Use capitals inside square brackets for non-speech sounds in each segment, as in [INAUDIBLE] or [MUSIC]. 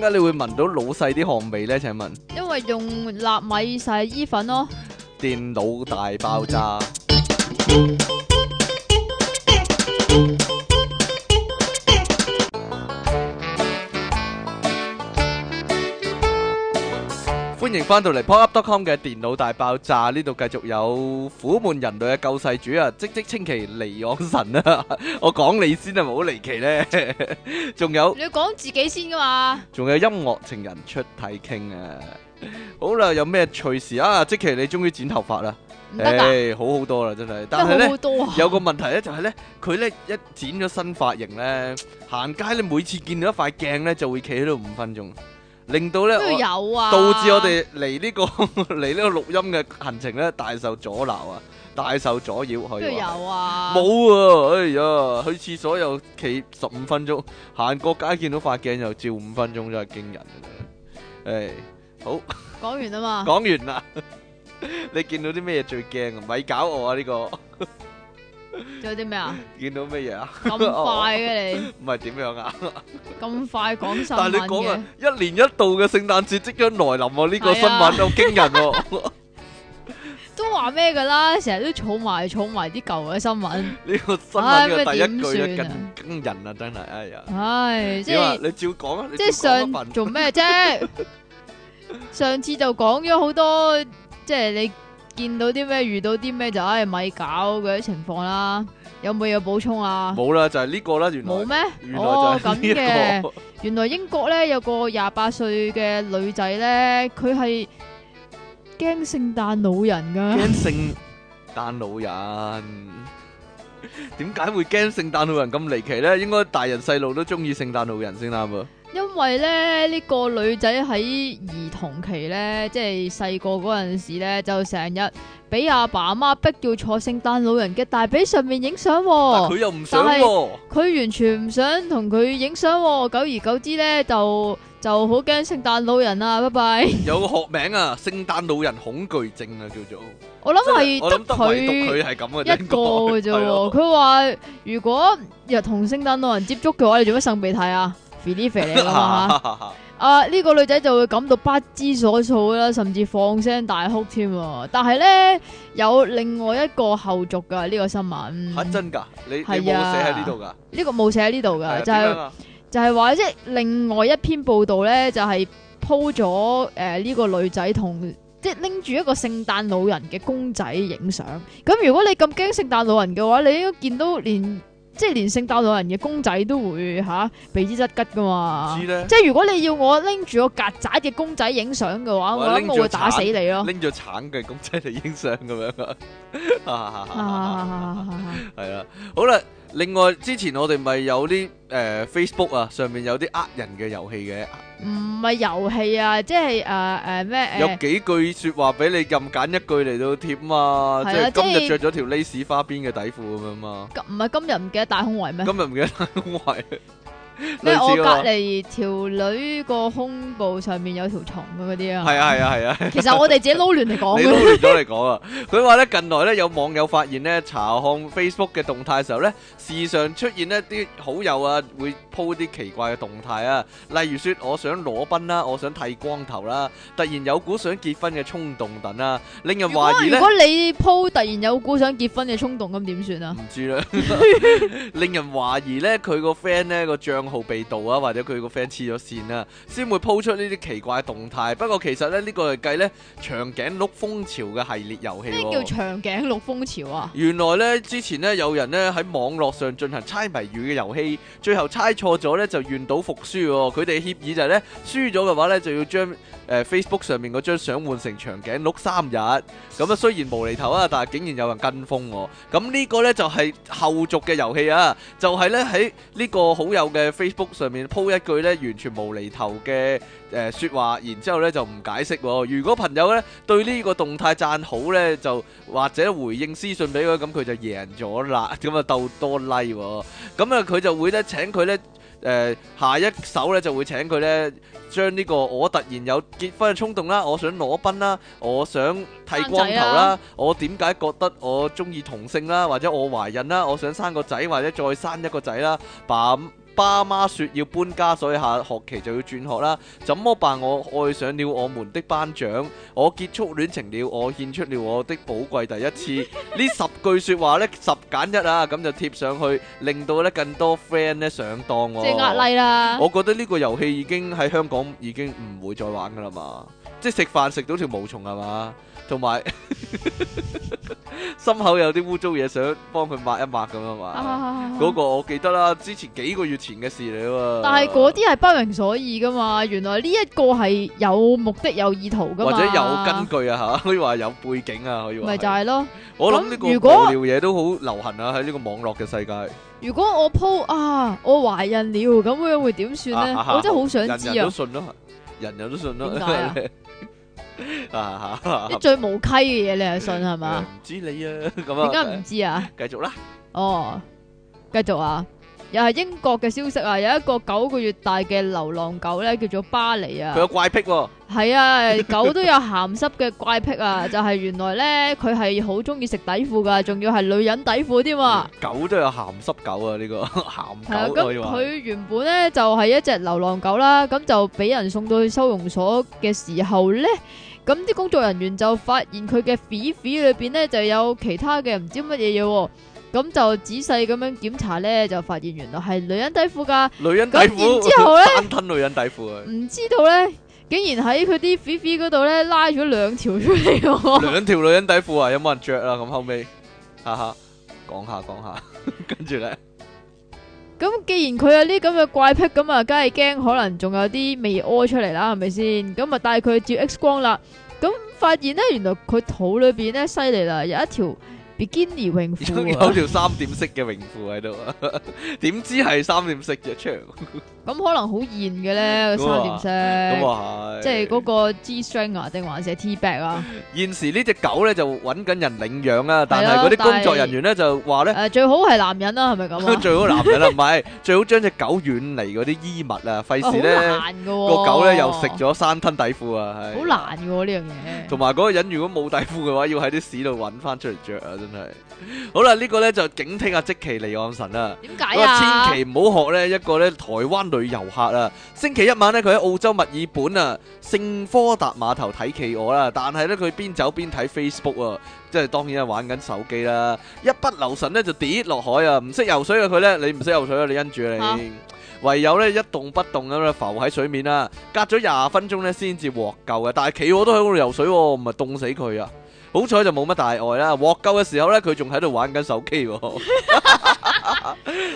點解你會聞到老細啲汗味呢？請問，因為用納米洗衣粉咯。電腦大爆炸。歡迎翻到嚟 popup.com 嘅電腦大爆炸呢度，繼續有苦悶人類嘅救世主啊，即即稱其離岸神啊！ [LAUGHS] 我講你先係咪好離奇咧？仲 [LAUGHS] 有你要講自己先噶嘛？仲有音樂情人出體 king 啊！ [LAUGHS] 好啦，有咩趣事啊？積淇，你終於剪頭髮啦，誒、欸，好好多啦，真係。但係咧，好多啊，有個問題咧，就係咧，佢咧一剪咗新髮型咧，行街咧，每次見到一塊鏡咧，就會企喺度五分鐘。令到咧，導致我哋嚟呢個嚟呢個錄音嘅行程咧，大受阻撓啊，大受阻擾可以話。都有啊。冇喎，哎呀，去廁所又企十五分鐘，行過街見到塊鏡又照五分鐘，真係驚人嘅啫。誒，好。講完啊嘛。講完啦。你見到啲咩最驚啊？咪搞我啊呢個。仲有啲咩啊？見到咩嘢啊？咁快嘅你唔係點樣啊？咁快講晒！但係你講啊！一年一度嘅聖誕節即將來臨哦！呢個新聞好驚人哦！都話咩噶啦？成日都儲埋儲埋啲舊嘅新聞。呢個新聞嘅第一句更驚人啊，真係哎呀！唉，即係你照講啊，即係上做咩啫？上次就講咗好多，即係你。見到啲咩？遇到啲咩就唉咪搞嗰啲情況啦。有冇有補充啊？冇啦，就係呢個啦。原來冇咩？哦，咁嘅。原來英國咧有個廿八歲嘅女仔咧，佢係驚聖誕老人噶。驚聖誕老人？點解會驚聖誕老人咁離奇咧？應該大人細路都中意聖誕老人先啱啊。因為咧呢、這個女仔喺兒童期咧，即係細個嗰陣時咧，就成日俾阿爸阿媽逼要坐聖誕老人嘅大髀上面影相，佢又唔想、哦、但係佢完全唔想同佢影相，久而久之咧就就好驚聖誕老人啊！拜拜。有個學名啊，聖誕老人恐懼症啊，叫做。我諗係得佢一個啫。佢話 [LAUGHS] 如果日同聖誕老人接觸嘅話，你做咩擤鼻涕啊？肥肥你啦 [LAUGHS] 啊呢個女仔就會感到不知所措啦，甚至放聲大哭添。但係咧有另外一個後續噶，呢個新聞係真㗎？你係啊？寫喺呢度㗎？呢個冇寫喺呢度㗎，就係就係話即係另外一篇報道咧，就係 po 咗誒呢個女仔同即係拎住一個聖誕老人嘅公仔影相。咁如果你咁驚聖誕老人嘅話，你都見到連。即係連聖誕老人嘅公仔都會嚇俾啲質吉㗎嘛，即係如果你要我拎住個曱甴嘅公仔影相嘅話，我諗我會打死你咯，拎咗橙嘅公仔嚟影相咁樣啊，係、like，啦、嗯，好啦。另外，之前我哋咪有啲誒、呃、Facebook 啊，上面有啲呃人嘅遊戲嘅。唔係遊戲啊，即係誒誒咩有幾句説話俾你任揀一句嚟到貼嘛，啊、即係今日着咗條 lace 花邊嘅底褲咁樣嘛。唔係今日唔記得戴胸圍咩？今日唔記得戴胸圍。 [LAUGHS] 咩？我隔籬條女個胸部上面有條蟲嘅嗰啲啊！係啊！係啊！係啊！啊啊啊，其實我哋自己撈亂嚟講嘅。你撈亂咗嚟講啊！佢話咧，近來咧，有網友發現咧，查看 Facebook 嘅動態嘅時候咧，時常出現一啲好友啊，會鋪啲奇怪嘅動態啊，例如說我想裸奔啦、啊，我想剃光頭啦、啊，突然有股想結婚嘅衝動等啊。令人懷疑如果，如果你鋪突然有股想結婚嘅衝動咁點算啊？唔知啦。 [LAUGHS] 令人懷疑咧，佢個 friend 咧個賬號被盜啊，或者佢個 friend 黐咗線啊，先會鋪出呢啲奇怪嘅動態。不過其實咧，這個、呢個嚟計咧，長頸鹿風潮嘅系列遊戲、哦，咩叫長頸鹿風潮啊？原來呢，之前呢，有人呢喺網絡上進行猜謎語嘅遊戲，最後猜錯咗呢，就願賭服輸喎、哦。佢哋協議就係呢，輸咗嘅話呢，就要將誒、呃、Facebook 上面嗰張相換成長頸鹿三日。咁啊，雖然無厘頭啊，但係竟然有人跟風喎、哦。咁呢個呢，就係、是、後續嘅遊戲啊，就係、是、呢，喺呢個好友嘅。Facebook 上面 po 一句咧，完全無厘頭嘅誒説話，然之後咧就唔解釋。如果朋友咧對呢個動態贊好咧，就或者回應私信俾佢，咁佢就贏咗啦。咁啊鬥多 like 咁啊佢就會咧請佢咧誒下一首咧就會請佢咧將呢將、這個我突然有結婚嘅衝動啦，我想裸奔啦，我想剃光頭啦，啊、我點解覺得我中意同性啦，或者我懷孕啦，我想生個仔或者再生一個仔啦，咁。爸媽說要搬家，所以下學期就要轉學啦。怎麼辦？我愛上了我們的班長。我結束戀情了。我獻出了我的寶貴第一次。呢 [LAUGHS] 十句說話呢，十揀一啊，咁就貼上去，令到咧更多 friend 咧上當。哦。即係壓啦。我覺得呢個遊戲已經喺香港已經唔會再玩噶啦嘛。即係食飯食到條毛蟲係嘛。同埋心口有啲污糟嘢，想幫佢抹一抹咁啊嘛！嗰個我記得啦，之前幾個月前嘅事嚟啊嘛。但係嗰啲係不明所以噶嘛，原來呢一個係有目的有意圖噶嘛，或者有根據啊吓，可以話有背景啊，可以話。咪就係咯。我諗呢個無聊嘢都好流行啊，喺呢個網絡嘅世界。如果我鋪啊，我懷孕了，咁樣會點算咧？我真係好想知啊！人人都信咯，人人都信咯。啊吓！啲 [LAUGHS] [LAUGHS] 最無稽嘅嘢，你係信係嘛？唔 [LAUGHS] 吧、呃、知你啊，咁啊，點解唔知啊？繼續啦，哦，繼續啊！又係英國嘅消息啊！有一個九個月大嘅流浪狗咧，叫做巴黎啊。佢有怪癖喎。係啊，狗都有咸濕嘅怪癖啊！就係原來咧，佢係好中意食底褲噶，仲要係女人底褲添啊！狗都有咸濕狗啊！呢個咸狗對話。係啊，咁佢原本咧就係一隻流浪狗啦，咁就俾人送到去收容所嘅時候咧，咁啲工作人員就發現佢嘅 B B 裏邊咧就有其他嘅唔知乜嘢嘢。咁就仔細咁樣檢查咧，就發現原來係女，女人底褲噶，女人底褲，單吞女人底褲。唔知道咧，竟然喺佢啲屁屁嗰度咧拉咗兩條出嚟。兩條女人底褲啊， [LAUGHS] 有冇人着啊？咁後尾，哈哈，講下講下， [LAUGHS] 跟住咧呢。咁既然佢有啲咁嘅怪癖，咁啊，梗係驚可能仲有啲未屙出嚟啦，係咪先？咁啊，帶佢去照 X 光啦。咁發現咧，原來佢肚裏邊咧犀利啦，有一條。Bikini 泳褲，有條三點式嘅泳褲喺度，點知係三點式著出？咁可能好厭嘅咧，三點式，即係嗰個 G string 啊，定還是 T back 啊？現時呢隻狗咧就揾緊人領養啊，但係嗰啲工作人員咧就話咧，誒最好係男人啦，係咪咁？最好男人啦，唔係最好將隻狗遠離嗰啲衣物啊，費事咧個狗咧又食咗衫吞底褲啊，好難嘅喎呢樣嘢。同埋嗰個人如果冇底褲嘅話，要喺啲屎度揾翻出嚟著啊！係 [MUSIC] 好啦，呢、這個呢就警惕下積淇離岸神啦。點解啊？千祈唔好學呢一個咧台灣旅遊客啊！星期一晚呢，佢喺澳洲墨爾本啊聖科達碼頭睇企鵝啦，但係呢，佢邊走邊睇 Facebook 啊，即係當然係玩緊手機啦。一不留神呢，就跌落海啊！唔識游水嘅佢呢，你唔識游水啊？你因住你，唯有呢，一動不動咁樣浮喺水面啦，啊。隔咗廿分鐘呢，先至獲救嘅。但係企鵝都喺嗰度游水喎，唔係凍死佢啊！好彩就冇乜大礙啦，獲救嘅時候咧，佢仲喺度玩緊手機。佢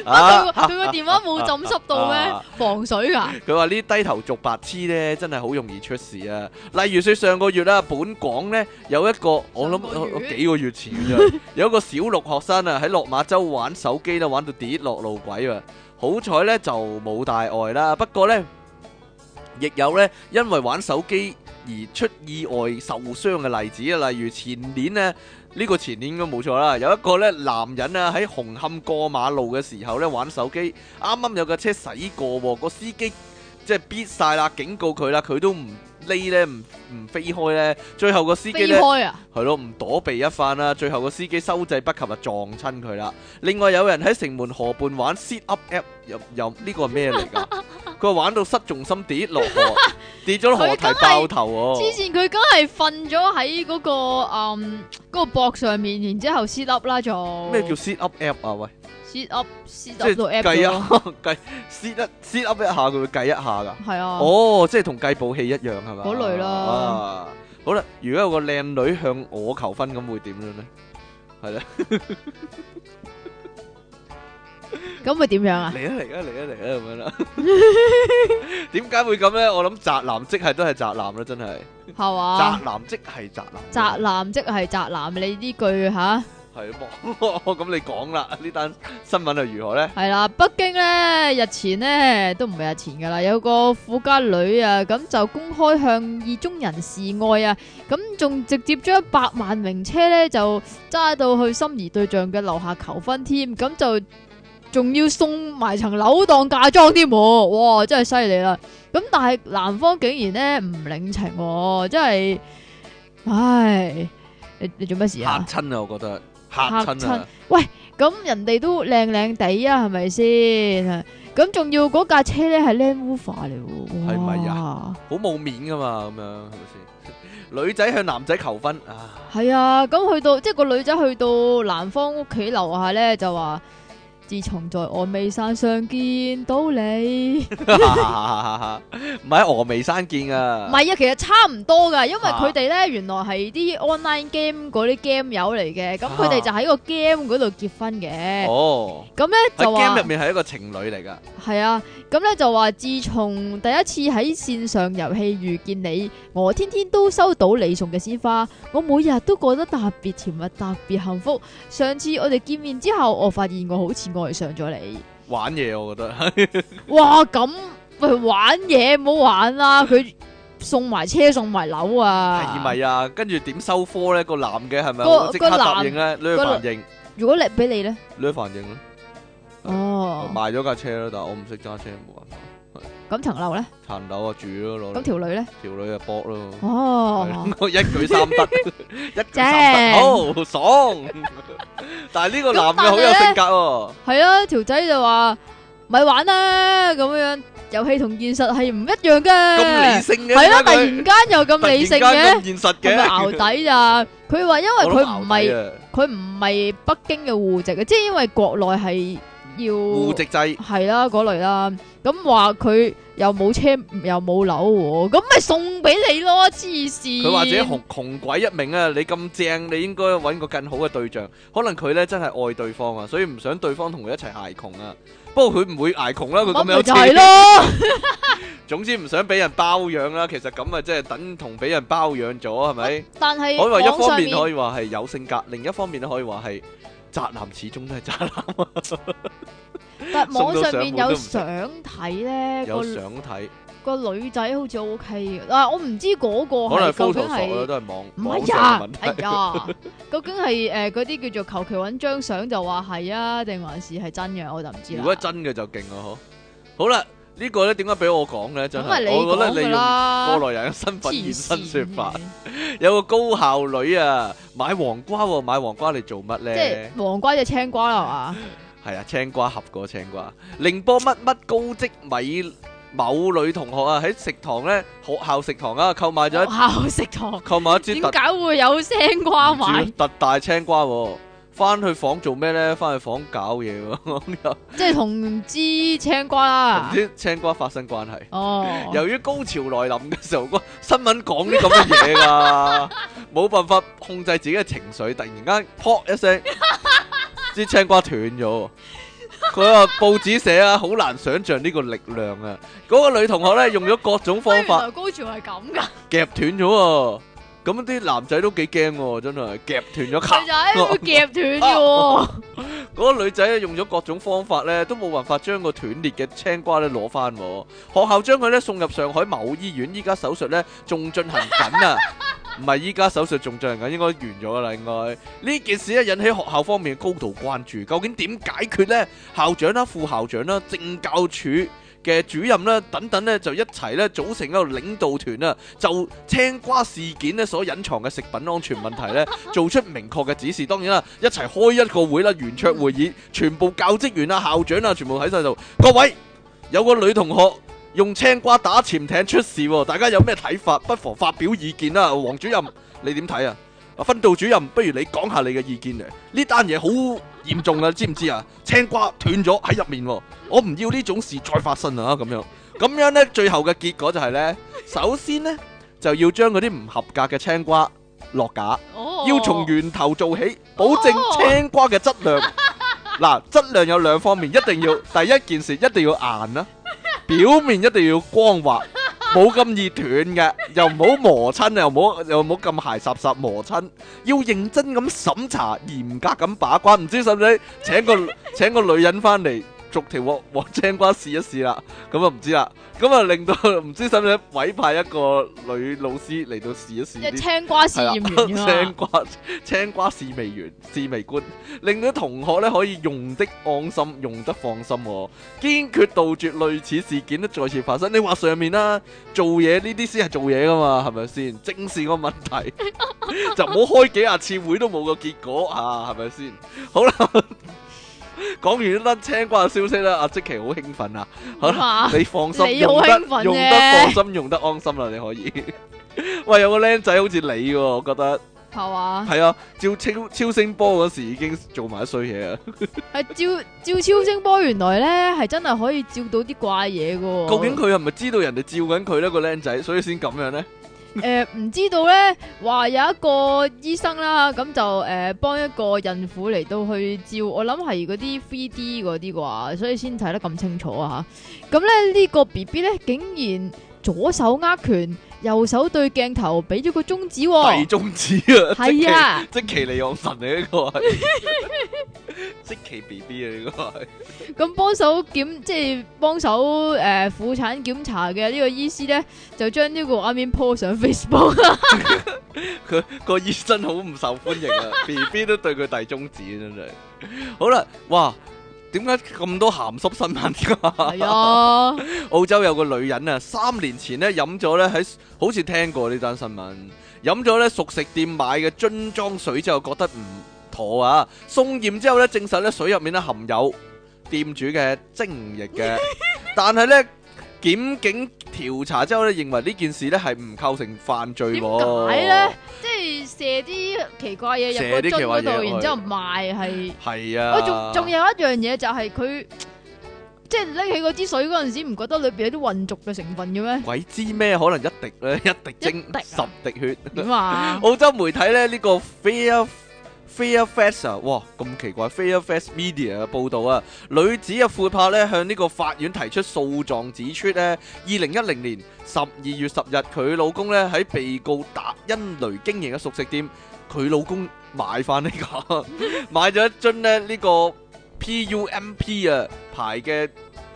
佢個電話冇浸濕到咩？防水㗎？佢話呢，低頭族白痴咧，真係好容易出事啊！例如說上個月啦，本港咧有一個，我諗幾個月前嘅咋，有一個小六學生啊喺落馬洲玩手機咧，玩到跌落路軌啊！好彩咧就冇大礙啦，不過咧亦有咧因為玩手機。而出意外受傷嘅例子啊，例如前年呢，呢個前年應該冇錯啦，有一個咧男人咧喺紅磡過馬路嘅時候咧玩手機，啱啱有架車駛過喎，個司機即係逼晒啦，警告佢啦，佢都唔匿咧唔唔飛開咧，最後個司機咧飛開啊，係咯，唔躲避一番啦，最後個司機收掣不及啊，撞親佢啦。另外有人喺城門河畔玩 sit up app，又又呢個係咩嚟噶？佢話 [LAUGHS] 玩到失重心跌落河，跌咗河堤爆頭哦、啊。之前佢梗係瞓咗喺嗰個嗯、嗰個膊上面，然之後 sit up 啦，仲咩叫 sit up app 啊喂？set up，set up 到 app 咯，計啊計，set 一 set up 一下佢會計一下噶，係啊，哦，即係同計步器一樣係嘛，嗰類啦，啊，好啦，如果有個靚女向我求婚咁會點樣咧？係咧，咁會點樣啊？嚟啊嚟啊嚟啊嚟啊咁樣啦，點解會咁咧？我諗宅男即係都係宅男啦，真係，係嘛？宅男即係宅男，宅男即係宅男，你呢句吓？係啊，咁你講啦，呢單新聞係如何咧？係啦，北京咧日前咧都唔係日前噶啦，有個富家女啊，咁就公開向意中人示愛啊，咁仲直接將百萬名車咧就揸到去心儀對象嘅樓下求婚添，咁就仲要送埋層樓當嫁妝添，哇，真係犀利啦！咁但係男方竟然咧唔領情，真係，唉，你你做咩事啊？吓親啊，我覺得。吓親啊！喂，咁、嗯、人哋都靚靚地啊，係咪先？咁仲要嗰架車咧係 Lenovo 嚟喎，係咪啊？ [LAUGHS] 好冇面噶嘛，咁樣係咪先？ [LAUGHS] 女仔向男仔求婚啊，係啊，咁去到即係個女仔去到男方屋企樓下咧，就話。自從在峨眉山上見到你，唔係喺峨眉山見啊，唔係啊，其實差唔多噶，因為佢哋咧原來係啲 online game 嗰啲 game 友嚟嘅，咁佢哋就喺個 game 度結婚嘅。哦，咁咧就話 game 入面係一個情侶嚟噶，係啊，咁咧就話自從第一次喺綫上遊戲遇見你，我天天都收到你送嘅鮮花，我每日都覺得特別甜蜜、特別幸福。上次我哋見面之後，我發現我好似。我係上咗嚟玩嘢，我覺得哇咁，喂玩嘢唔好玩啦！佢送埋車送埋樓啊，係咪啊？跟住點收科咧？個男嘅係咪？即刻答應啊，你去反應。如果嚟俾你咧，你去反應咯。哦，賣咗架車咯，但係我唔識揸車，冇辦法。咁層樓咧？層樓啊，住咯。咁條女咧？條女啊，搏咯。哦，咁我一舉三得，一舉三得，好爽。但係呢個男嘅好有性格喎。係啊，條仔就話咪玩啦，咁樣遊戲同現實係唔一樣嘅。咁理性嘅，係啦，突然間又咁理性嘅。咁現實嘅。淆底啊，佢話因為佢唔係，佢唔係北京嘅戶籍嘅，即係因為國內係。要戶籍制係啦，嗰類啦，咁話佢又冇車又冇樓，咁咪送俾你咯，痴線！佢話自己窮窮鬼一名啊，你咁正，你應該揾個更好嘅對象。可能佢呢真係愛對方啊，所以唔想對方同佢一齊挨窮啊。不過佢唔會挨窮啦，佢咁有。冇齊咯。總之唔想俾人包養啦，其實咁啊，即係等同俾人包養咗，係咪？但係可以話一方面可以話係有性格，另一方面咧可以話係。宅男始終都係宅男啊！ [LAUGHS] 但網上面有相睇咧，有相睇個女仔好似 OK 啊！我唔知嗰個係究竟係都係網唔係是呀？哎呀， [LAUGHS] 究竟係誒嗰啲叫做求其揾張相就話係啊？定還是係真嘅？我就唔知啦。如果真嘅就勁咯！好，好啦。好個呢個咧點解俾我講咧？就係我覺得你用過來人嘅身份現身說法。 [LAUGHS] 有個高校女啊，買黃瓜喎、哦，買黃瓜嚟做乜咧？即係黃瓜就青瓜啦，係嘛？係啊，青瓜合過青瓜。寧波乜乜高職米，某女同學啊，喺食堂咧，學校食堂啊，購買咗學校食堂購買一樽，點解會有青瓜買？特大青瓜喎、啊。翻去房做咩咧？翻去房搞嘢喎！即係同支青瓜，同支青瓜發生關係。哦，由於高潮來臨嘅時候，新聞講啲咁嘅嘢噶，冇辦法控制自己嘅情緒，突然間啪一聲，支青瓜斷咗。佢話報紙寫啊，好難想象呢個力量啊！嗰個女同學咧用咗各種方法，高潮係咁噶，夾斷咗。咁啲男仔都幾驚喎，真係夾斷咗㗎。女仔會夾斷嘅喎，嗰個女仔啊用咗各種方法咧，都冇辦法將個斷裂嘅青瓜咧攞翻。學校將佢咧送入上海某醫院，依家手術咧仲進行緊啊！唔係依家手術仲進行緊，應該完咗啦，應該。呢件事咧引起學校方面高度關注，究竟點解決咧？校長啦、副校長啦、政教處嘅主任啦，等等咧就一齊咧組成一個領導團啊，就青瓜事件呢所隱藏嘅食品安全問題咧，做出明確嘅指示。當然啦，一齊開一個會啦，圓桌會議，全部教職員啊、校長啊，全部喺晒度。各位，有個女同學用青瓜打潛艇出事，大家有咩睇法？不妨發表意見啦。王主任，你點睇啊？啊，訓導主任，不如你講下你嘅意見咧。呢單嘢好。嚴重啦，你知唔知啊？青瓜斷咗喺入面，我唔要呢種事再發生啊！咁樣咁樣呢最後嘅結果就係、是、呢：首先呢，就要將嗰啲唔合格嘅青瓜落架，oh. 要從源頭做起，保證青瓜嘅質量。嗱、oh.，質量有兩方面，一定要第一件事一定要硬啦，表面一定要光滑，冇咁易斷嘅，又唔好磨親，又唔好又唔好咁鞋濕濕磨親，要認真咁審查，嚴格咁把關。唔知使唔使請個 [LAUGHS] 請個女人翻嚟？逐條鑊鑊青瓜試一試啦，咁啊唔知啦，咁啊令到唔知使唔使委派一個女老師嚟到試一試，青瓜試驗員，青瓜青瓜試味完，試味官，令到同學咧可以用得安心，用得放心，堅決杜絕類似事件都再次發生。你話上面啦、啊，做嘢呢啲先係做嘢噶嘛，係咪先？正視個問題， [LAUGHS] 就唔好開幾廿次會都冇個結果啊，係咪先？好啦。 [LAUGHS] 講完甩青瓜嘅消息啦，阿積淇興奮好興奮啊！你放心，你好興奮，用得用得放心用得安心啦，你可以。 [LAUGHS] 喂，有個靚仔好似你喎，我覺得係嘛？係嗎啊，照超超聲波嗰時已經做埋一衰嘢啊！係 [LAUGHS] 照照超聲波，原來咧係真係可以照到啲怪嘢噶。究竟佢係咪知道人哋照緊佢呢個靚仔所以先咁樣咧？誒，唔、呃、知道咧，話有一個醫生啦，咁就誒幫、呃、一個孕婦嚟到去照，我諗係嗰啲 3D 嗰啲啩，所以先睇得咁清楚啊吓。咁咧呢、呢個 BB 咧竟然左手握拳。右手對鏡頭俾咗個中指。哦，遞中指啊！係啊，即、這個、 [LAUGHS] 淇離岸神嚟呢個、嗯，積淇 B B 啊呢個。咁幫手檢，即係幫手誒婦產檢查嘅呢個醫師咧，就將呢個畫面 po 上 Facebook [LAUGHS] [LAUGHS] 佢個醫生好唔受歡迎啊 [LAUGHS] ！B B 都對佢遞中指。啊，真係。好啦，哇！點解咁多鹹濕新聞？係啊，澳洲有個女人啊，三年前咧飲咗咧喺，好似聽過呢單新聞，飲咗咧熟食店買嘅樽裝水之後覺得唔妥啊，送驗之後咧證實咧水入面咧含有店主嘅精液嘅，但係咧。檢警調查之後咧，認為呢件事咧係唔構成犯罪喎。點解咧？即、就、係、是、射啲奇怪嘢入樽嗰度，然之後，後賣係係啊！喂，仲仲有一樣嘢就係佢，即係拎起嗰支水嗰陣時，唔覺得裏邊有啲混濁嘅成分嘅咩？鬼知咩？可能一滴咧，一滴精、啊、十滴血。 [LAUGHS] 澳洲媒體咧呢、呢個 feel。Fairfax 哇咁奇怪，Fairfax Media 嘅報道啊，女子嘅父拍咧向呢個法院提出訴狀，指出咧二零一零年十二月十日佢老公咧喺被告達恩雷經營嘅熟食店，佢老公買翻、這個、 [LAUGHS] 呢、這個買咗一樽咧呢個 PUMP 啊牌嘅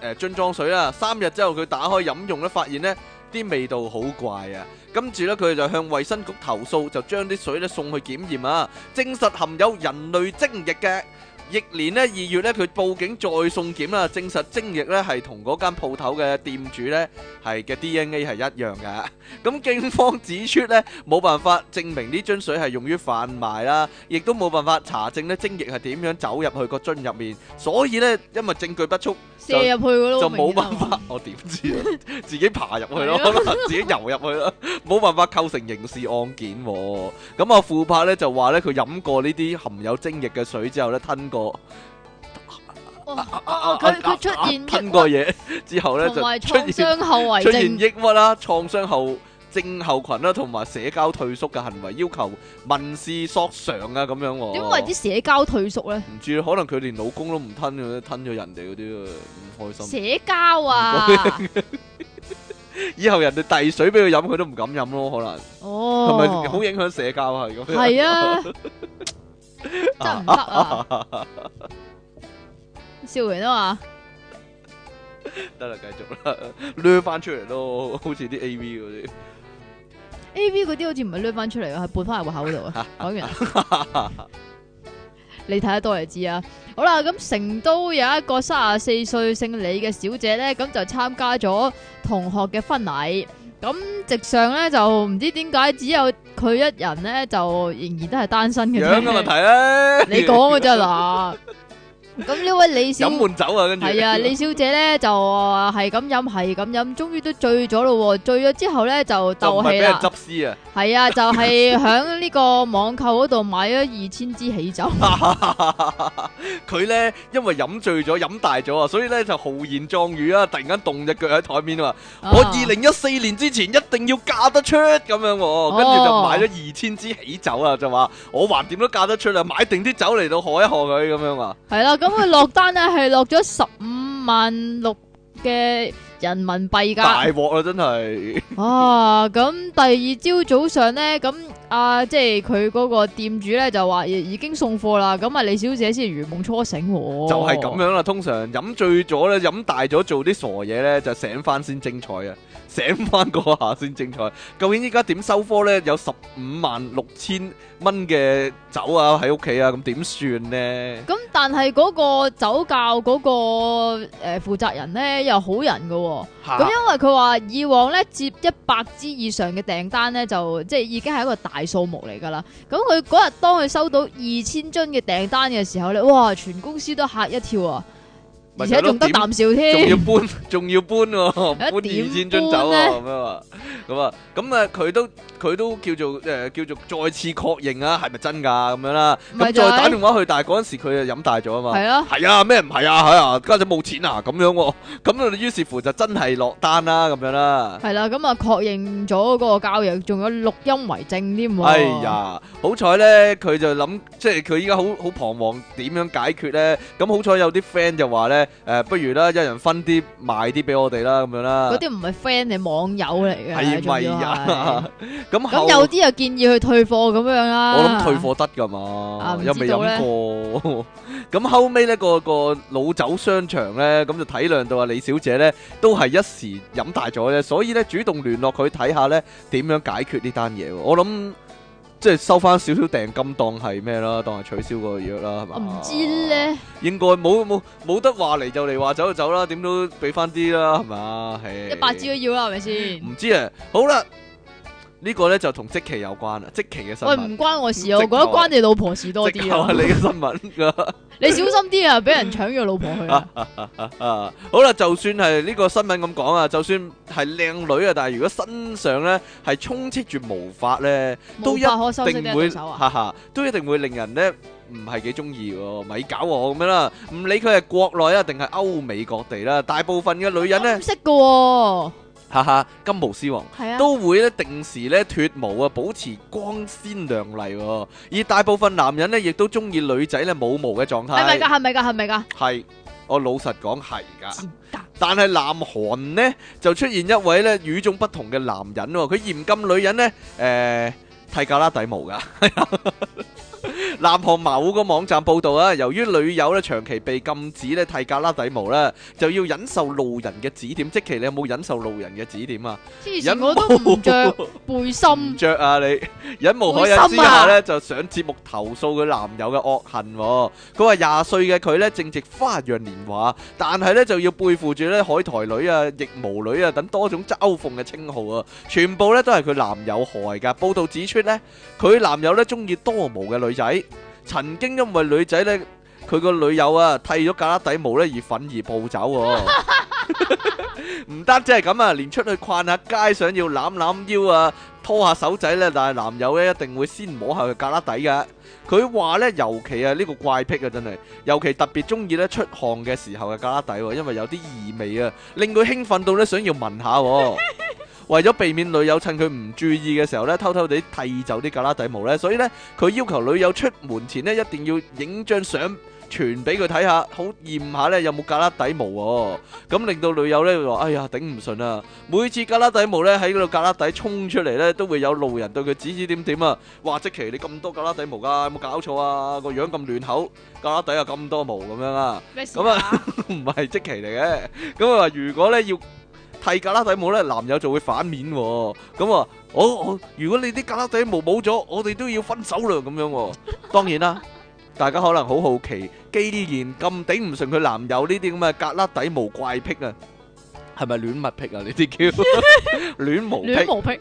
誒樽裝水啊。三日之後佢打開飲用咧，發現呢，啲味道好怪啊！跟住咧，佢哋就向衛生局投訴，就將啲水咧送去檢驗啊，證實含有人類精液嘅。翌年咧二月咧，佢報警再送檢啦，證實精液咧係同嗰間鋪頭嘅店主咧係嘅 DNA 係一樣嘅。咁警方指出咧，冇辦法證明呢樽水係用於販賣啦，亦都冇辦法查證咧精液係點樣走入去個樽入面。所以咧，因為證據不足，射入去個樽，就冇辦法，我點知啊？自己爬入去咯，自己遊入去咯，冇辦法構成刑事案件。咁啊，富柏咧就話咧，佢飲過呢啲含有精液嘅水之後咧，吞過。哦，佢佢出現吞過嘢之後咧，就創傷後遺症，抑鬱啦，創傷後症候群啦，同埋社交退縮嘅行為，要求民事索償啊，咁樣。點為啲社交退縮咧？唔知，可能佢連老公都唔吞，吞咗人哋嗰啲，唔開心。社交啊！以後人哋遞水俾佢飲，佢都唔敢飲咯。可能哦，係咪好影響社交係咁？係啊。真唔得啊！笑完啊嘛，得啦， [LAUGHS] 繼續啦，掠翻出嚟咯，好似啲 AV 嗰啲 AV 嗰啲好似唔係掠翻出嚟啊，係撥翻喺戶口度啊。講完， [LAUGHS] [LAUGHS] 你睇得多就知啊。好啦，咁成都有一個三十四歲姓李嘅小姐咧，咁就參加咗同學嘅婚禮。咁直上咧就唔知點解只有佢一人咧就仍然都係單身嘅，樣嘅問題咧，你講嘅啫嗱。 [LAUGHS] 咁呢位李小姐，啊，係啊，李小姐咧就係咁飲，係咁飲，終於都醉咗咯。醉咗之後咧就鬥氣啦。就係俾人執屍啊？係啊，就係響呢個網購嗰度買咗二千支喜酒。佢咧 [LAUGHS] [LAUGHS] 因為飲醉咗，飲大咗啊，所以咧就豪言壯語啊！突然間凍隻腳喺台面啊嘛。我二零一四年之前一定要嫁得出咁樣，啊。跟住就買咗二千支喜酒啊，就話我還掂都嫁得出啊！買定啲酒嚟到賀一賀佢咁樣啊。係咯，啊。咁佢落單咧，係落咗十五萬六嘅人民幣㗎。大鑊啦，真係。啊，咁第二朝早上咧，咁阿即係佢嗰個店主咧就話已經送貨啦。咁啊，李小姐先如夢初醒，啊。就係咁樣啦，啊。通常飲醉咗咧，飲大咗做啲傻嘢咧，就醒返先精彩啊！醒翻嗰下先精彩。究竟依家點收科呢？有十五萬六千蚊嘅酒啊，喺屋企啊，咁點算呢？咁但係嗰個酒窖嗰、那個誒、呃、負責人呢，又好人嘅喎、哦。咁哈因為佢話以往呢接一百支以上嘅訂單呢，就即係已經係一個大數目嚟噶啦。咁佢嗰日當佢收到二千樽嘅訂單嘅時候呢，哇！全公司都嚇一跳啊！而且仲得啖笑添，仲要搬，仲要搬喎，搬二千樽酒喎咁樣話，咁啊，咁啊，佢都佢都叫做誒，叫做再次確認啊，係咪真噶咁樣啦？咁再打電話去，但係嗰陣時佢就飲大咗啊嘛，係咯，係啊，咩唔係啊？係啊，家姐冇錢啊，咁樣喎，咁啊，於是乎就真係落單啦，咁樣啦。係啦，咁啊確認咗嗰個交易，仲有錄音為證添。哎呀，好彩咧，佢就諗，即係佢依家好好彷徨，點樣解決咧？咁好彩有啲 friend 就話咧。誒、呃，不如啦，一人分啲賣啲俾我哋啦，咁樣啦。嗰啲唔係 friend，係網友嚟嘅。係咪呀？咁咁是 [LAUGHS] 後有啲又建議去退貨咁樣啦。我諗退貨得㗎嘛，啊、又未飲過。咁 [LAUGHS] 後尾呢、嗰個、嗰個老酒商場咧，咁就體諒到阿李小姐咧，都係一時飲大咗啫，所以咧主動聯絡佢睇下咧點樣解決呢單嘢。我諗。即係收翻少少訂金當係咩啦，當係取消嗰個約啦，係嘛？我唔知咧，應該冇冇冇得話嚟就嚟，話走就走啦。點都俾翻啲啦，係嘛？一百支都要啦，係咪先？唔知啊，好啦。呢個咧就同積淇有關啦，積淇嘅新聞。喂，唔關我事啊，我覺得關你老婆事多啲啊。係你嘅新聞噶， [LAUGHS] 你小心啲啊，俾人搶咗老婆去 [LAUGHS] 啊啊啊啊。啊，好啦，就算係呢個新聞咁講啊，就算係靚女啊，但係如果身上咧係充斥住毛髮咧，都一定會，哈哈， [LAUGHS] 都一定會令人咧唔係幾中意喎，咪搞我咁樣啦！唔理佢係國內啊定係歐美各地啦，大部分嘅女人咧，唔識噶。哈哈，金毛獅王、啊、都會咧，定時咧脫毛啊，保持光鮮亮麗。而大部分男人呢，亦都中意女仔咧冇毛嘅狀態。係咪㗎？係咪㗎？係咪㗎？係，我老實講係㗎。的但係南韓呢，就出現一位咧與眾不同嘅男人，佢嚴禁女人呢，誒、呃、剃格拉底毛㗎。 [LAUGHS] 南韓某個網站報道啊，由於女友咧長期被禁止呢，剃格拉底毛啦，就要忍受路人嘅指點。即其你有冇忍受路人嘅指點啊？之前毛我都唔著背心，唔著 [LAUGHS] 啊你，忍無可忍之下呢，啊、就上節目投訴佢男友嘅惡行。佢話廿歲嘅佢呢，正值花樣年華，但係呢，就要背負住呢海苔女啊、腋毛女啊等多種嘲諷嘅稱號啊，全部呢，都係佢男友害㗎。報道指出呢，佢男友呢，中意多毛嘅女仔。曾經因為女仔咧，佢個女友啊剃咗咖喱底毛咧而憤而暴走喎，唔單止係咁啊！連出去逛下街，想要攬攬腰啊，拖下手仔咧，但係男友咧一定會先摸下佢咖喱底㗎。佢話咧，尤其啊呢個怪癖啊真係，尤其特別中意咧出汗嘅時候嘅咖喱底，因為有啲異味啊，令佢興奮到咧想要聞下。為咗避免女友趁佢唔注意嘅時候咧，偷偷地剃走啲格拉底毛咧，所以咧佢要求女友出門前咧一定要影張相傳俾佢睇下，好驗下咧有冇格拉底毛哦。咁令到女友咧話：哎呀，頂唔順啊！每次格拉底毛咧喺嗰度格拉底沖出嚟咧，都會有路人對佢指指點點啊！哇，積淇你咁多格拉底毛啊，有冇搞錯啊？個樣咁亂口，格拉底又咁多毛咁樣啊？咁啊，唔係積淇嚟嘅。咁啊，如果咧要。剃格拉底毛咧，男友就會反面喎。咁啊，我我如果你啲格拉底毛冇咗，我哋都要分手啦咁樣。當然啦，大家可能好好奇，既然咁頂唔順佢男友呢啲咁嘅格拉底毛怪癖啊，係咪戀物癖啊？呢啲叫戀毛癖，戀毛癖。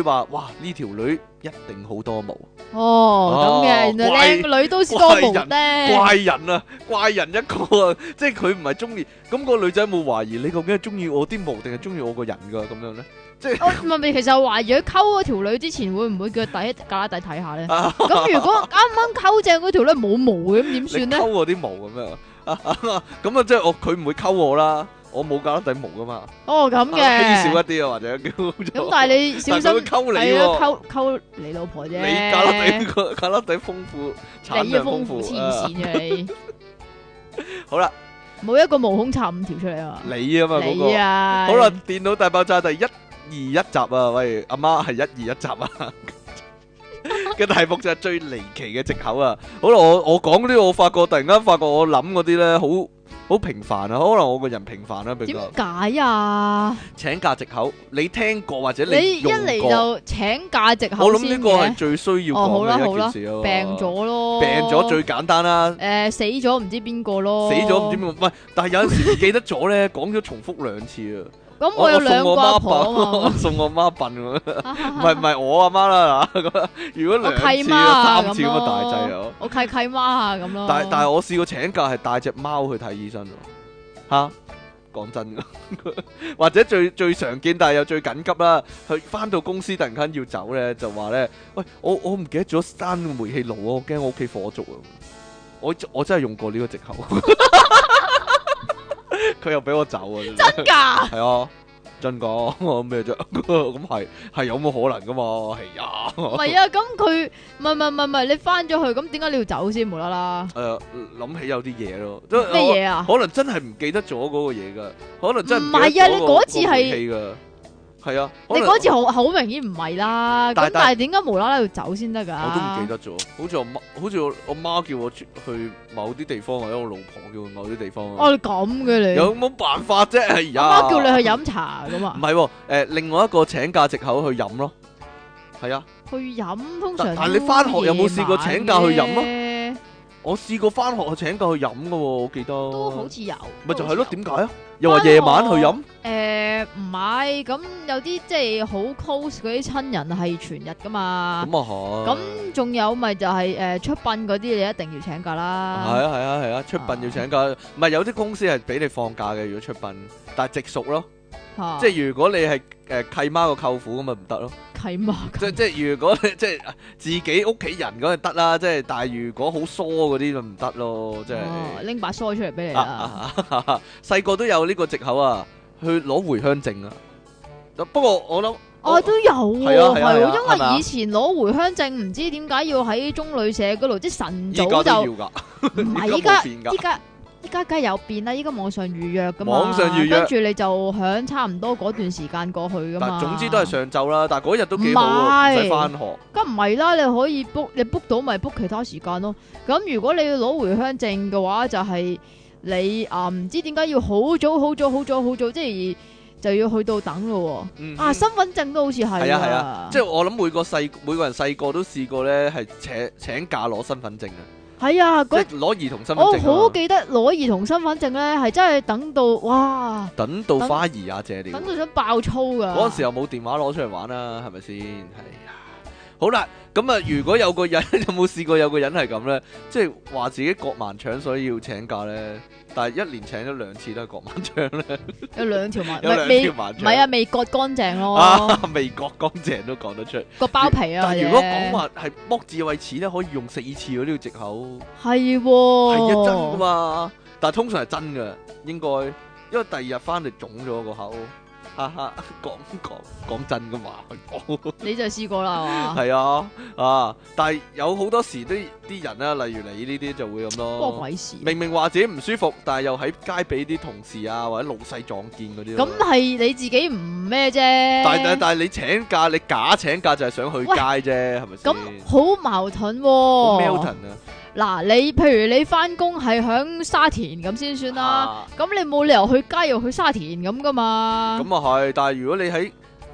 佢話哇呢條女一定好多毛哦咁嘅。原來靚女都多毛咧！怪人啊，怪人一個。即係佢唔係中意咁個女仔冇懷疑你究竟係中意我啲毛定係中意我個人噶咁樣咧？即係我咪咪其實懷疑佢溝嗰條女之前會唔會叫佢睇一卡拉睇下咧咁如果啱啱溝正嗰條咧冇毛嘅，咁點算咧？溝我啲毛咁樣咁啊，即係我佢唔會溝我啦。我冇胳肋底毛噶嘛？哦，咁嘅稀少一啲啊，或者咁，但係你小心，係咯，溝溝你老婆啫。你胳肋底個胳肋底豐富，你啊豐富黐線嘅你。好啦，冇一個毛孔插五條出嚟啊！你啊嘛，你啊！好啦，電腦大爆炸第一二一集啊！喂，阿媽係一二一集啊！嘅題目就係最離奇嘅借口啊！好啦，我我講呢個，我發覺突然間發覺我諗嗰啲咧好。好平凡啊，可能我個人平凡啦比較。點解啊？啊請假藉口，你聽過或者你用過？你一嚟就請假藉口先嘅，我諗呢個係最需要講嘅、哦、好、啊好啊好啊、件事了咯。病咗咯。病咗最簡單啦、啊。誒、呃，死咗唔知邊個咯？死咗唔知邊個？唔但係有陣時唔記得咗咧，講咗 [LAUGHS] 重複兩次啊。咁我有兩個阿婆，送我媽笨，我送我媽笨，唔係唔係我阿媽啦吓。如果兩次、啊、三次咁大劑啊，我契契媽啊咁咯。但係但係我試過請假係帶隻貓去睇醫生，吓、啊、講真噶， [LAUGHS] 或者最最常見但係又最緊急啦，佢翻到公司突然間要走咧，就話咧，喂，我我唔記得咗閂煤氣爐啊，我驚我屋企火燭啊，我我，我，我，我真係用過呢個借口。 [LAUGHS] [LAUGHS] 佢 [LAUGHS] 又俾我走啊！真噶係 [LAUGHS] 啊，真噶我咩啫？咁係係有冇可能噶嘛？係啊，唔係啊，咁佢唔係唔係唔係，你翻咗去，咁點解你要走先無啦啦？誒、哎，諗起有啲嘢咯，都咩嘢啊麼？可能真係唔記得咗嗰個嘢噶，可能真唔係、那個、啊，你嗰次係。係啊，你嗰次好好、呃、明顯唔係啦，咁但係點解無啦啦要走先得㗎？我都唔記得咗，好似我媽，好似我我媽叫我去某啲地方或者我老婆叫去某啲地方啊。哦、啊，咁嘅你有冇辦法啫？係啊，哎、我媽叫你去飲茶咁 [LAUGHS] 啊？唔係喎，誒，另外一個請假藉口去飲咯，係啊。去飲通常但係你返學有冇試過請假去飲咯？我試過返學去請假去飲㗎喎，我記得都好似有。咪就係咯，點解啊？又話夜晚去飲？誒唔係，咁有啲即係好 close 嗰啲親人係全日㗎嘛。咁啊嚇。咁仲有咪就係誒出殯嗰啲，你一定要請假啦。係啊係啊係啊，出殯要請假。咪有啲公司係俾你放假嘅，如果出殯，但係直屬咯。即係如果你係誒契媽個舅父咁咪唔得咯，契媽即即係如果即係自己屋企人咁係得啦，即係但係如果好疏嗰啲就唔得咯，即係拎把梳出嚟俾你啊！細個都有呢個藉口啊，去攞回鄉證啊。不過我諗哦都有，係啊係啊，因為以前攞回鄉證唔知點解要喺中旅社嗰度，即晨早就要㗎，唔係依家依家。依家梗係有變啦！依家網上預約噶嘛，網上預約跟住你就響差唔多嗰段時間過去噶嘛。總之都係上晝啦，但係嗰日都幾早喎，唔使翻是學。咁唔係啦，你可以 book，你 book 到咪 book 其他時間咯。咁如果你要攞回鄉證嘅話，就係、是、你啊唔、嗯、知點解要好早好早好早好早，即係就要去到等咯。嗯、哼啊，身份證都好似係啊，啊啊即係我諗每個細每個人細個都試過咧，係請請假攞身份證啊。係啊，攞攞兒童身份證、啊，我、哦、好記得攞兒童身份證咧，係真係等到哇，等到花兒啊，等姐哋了，等到想爆粗噶，嗰陣時又冇電話攞出嚟玩啦、啊，係咪先？係啊。好啦，咁啊，如果有個人有冇試過，有個人係咁咧？即係話自己割盲腸所以要請假咧，但係一年請咗兩次都係割盲腸咧， [LAUGHS] 有兩條盲， [LAUGHS] 有兩條盲腸，唔係啊，未割乾淨咯， [LAUGHS] 未割乾淨都講得出，割包皮啊，而但係如果講話係剝智慧齒咧，可以用四次嗰啲藉口，係喎、哦，係一針㗎嘛，但係通常係真嘅，應該，因為第二日翻嚟腫咗、嗰個口。哈哈，講講講真嘅話， [LAUGHS] 你就試過啦，係啊， [LAUGHS] 啊，啊！但係有好多時啲啲人咧、啊，例如你呢啲就會咁咯。鬼事、啊！明明話自己唔舒服，但係又喺街俾啲同事啊或者老細撞見嗰啲。咁係你自己唔咩啫？但係但係你請假，你假請假就係想去街啫，係咪先？咁好矛盾喎、啊。 [LAUGHS] 嗱，你譬如你翻工係響沙田咁先算啦，咁你冇理由去街又去沙田咁噶嘛？咁啊係，但係如果你喺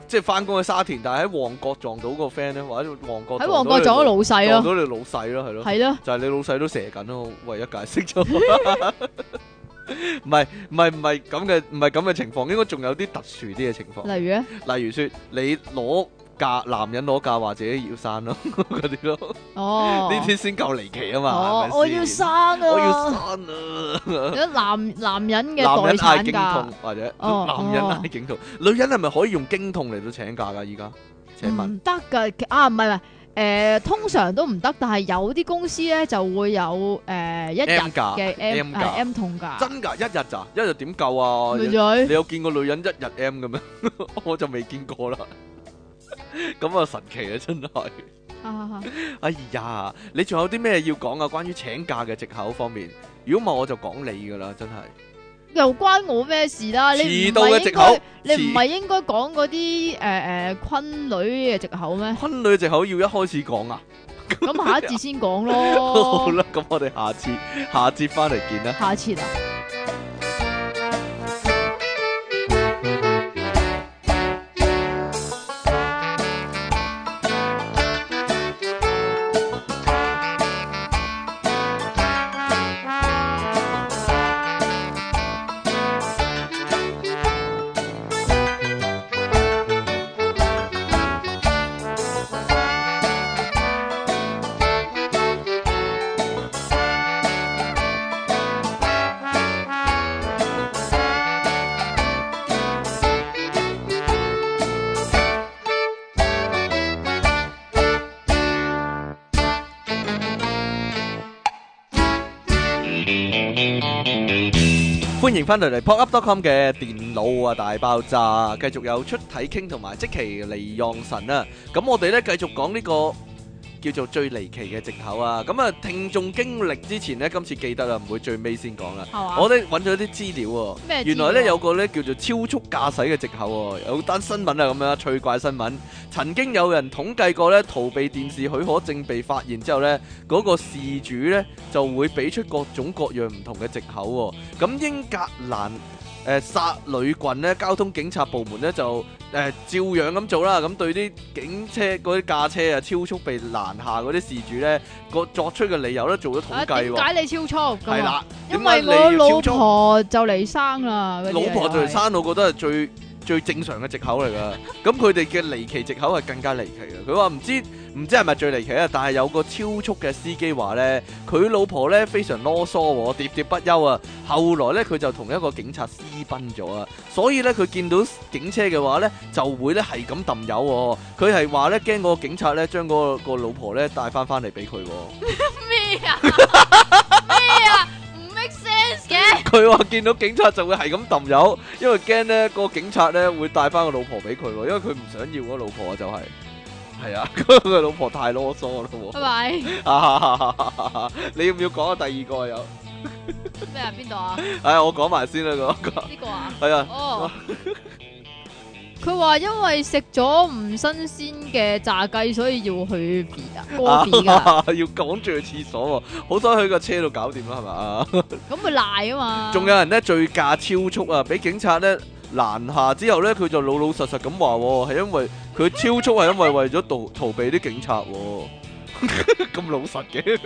即係翻工去沙田，但係喺旺角撞到個 friend 咧，或者旺角喺旺角撞到老細咯，撞到你老細咯，係咯，係咯，就係你老細都蛇緊咯，唯一解釋咗。唔係唔係唔係咁嘅唔係咁嘅情況，應該仲有啲特殊啲嘅情況。例如咧，例如說你攞。假男人攞假或者要生咯，嗰啲咯。哦，呢啲先夠離奇啊嘛！哦，我要生啊！我要生啊！男男人嘅代產假或者男人嗌經痛，女人係咪可以用經痛嚟到請假㗎？依家請問唔得㗎啊？唔係唔係，誒通常都唔得，但係有啲公司咧就會有誒一日嘅 M 假 M 痛假。真㗎，一日咋？一日點夠啊？你有見過女人一日 M 嘅咩？我就未見過啦。咁啊神奇啊真係， [LAUGHS] 哎呀，你仲有啲咩要講啊？關於請假嘅藉口方面，如果唔係我就講你噶啦，真係又關我咩事啦？遲到嘅藉口，你唔係應該講嗰啲誒誒坤女嘅藉口咩？坤女藉口要一開始講啊？咁 [LAUGHS] 下一節先講咯。 [LAUGHS] 好啦，咁我哋下次下次翻嚟見啦。下次啦，啊。翻嚟嚟，pop up dot com 嘅電腦啊，大爆炸，繼續有出體 King 同埋積淇離岸神啊，咁我哋咧繼續講呢、這個。叫做最離奇嘅藉口啊！咁、嗯、啊，聽眾經歷之前呢，今次記得啦，唔會最尾先講啦。啊、我哋揾咗啲資料喎、哦，料啊、原來呢，有個呢叫做超速駕駛嘅藉口喎、哦，有單新聞啊咁樣，趣怪新聞。曾經有人統計過呢，逃避電視許可證被發現之後呢，嗰、那個事主呢就會俾出各種各樣唔同嘅藉口喎、哦。咁英格蘭。誒殺女郡咧，交通警察部門咧就誒、呃、照樣咁做啦。咁對啲警車嗰啲駕車啊超速被攔下嗰啲事主咧，個作出嘅理由咧做咗統計話，解、啊、你超速。係啦，因為我老婆，超速、老婆就嚟生啦。老婆就嚟生，我覺得係最最正常嘅藉口嚟㗎。咁佢哋嘅離奇藉口係更加離奇嘅。佢話唔知。唔知係咪最離奇啊！但係有個超速嘅司機話呢，佢老婆呢非常囉嗦喎，喋喋不休啊。後來呢佢就同一個警察私奔咗啊。所以呢佢見到警車嘅話呢，就會呢係咁揼油喎。佢係話呢驚嗰個警察呢將嗰個個老婆呢帶返返嚟俾佢喎。咩啊？咩啊？唔 make sense 嘅。佢話見到警察就會係咁揼油，因為驚呢個警察呢會帶返個老婆俾佢喎，因為佢唔想要個老婆啊，就係。係啊，佢老婆太囉嗦啦！拜拜。你要唔要講下第二個又咩啊？邊度啊？哎，我講埋先啦，個呢個啊？係啊。哦，佢話因為食咗唔新鮮嘅炸雞，所以要去邊啊？屙屎啊？要趕住去廁所喎，好彩去個車度搞掂啦，係咪？咁佢賴啊嘛？仲有人咧醉駕超速啊，俾警察咧攔下之後咧，佢就老老實實咁話係因為。佢超速係因為為咗逃逃避啲警察喎、哦，咁 [LAUGHS] 老實嘅。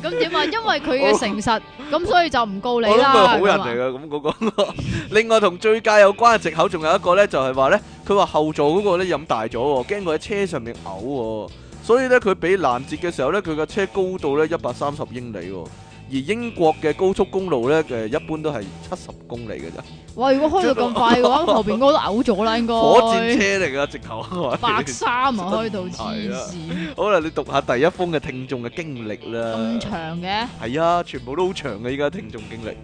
咁點啊？因為佢嘅誠實，咁、哦、所以就唔告你啦，係嘛？好人嚟嘅，咁、那、嗰個。 [LAUGHS] 另外同醉駕有關嘅藉口仲有一個咧，就係話咧，佢話後座嗰個咧飲大咗，驚佢喺車上面嘔，所以咧佢俾攔截嘅時候咧，佢架車高度咧一百三十英里。而英國嘅高速公路咧，誒一般都係七十公里嘅啫。哇！如果開到咁快嘅話，後邊我都嘔咗啦，應該。火箭車嚟噶，直頭。白衫啊，開到黐線。好啦，你讀下第一封嘅聽眾嘅經歷啦。咁長嘅？係啊，全部都好長嘅。依家聽眾經歷。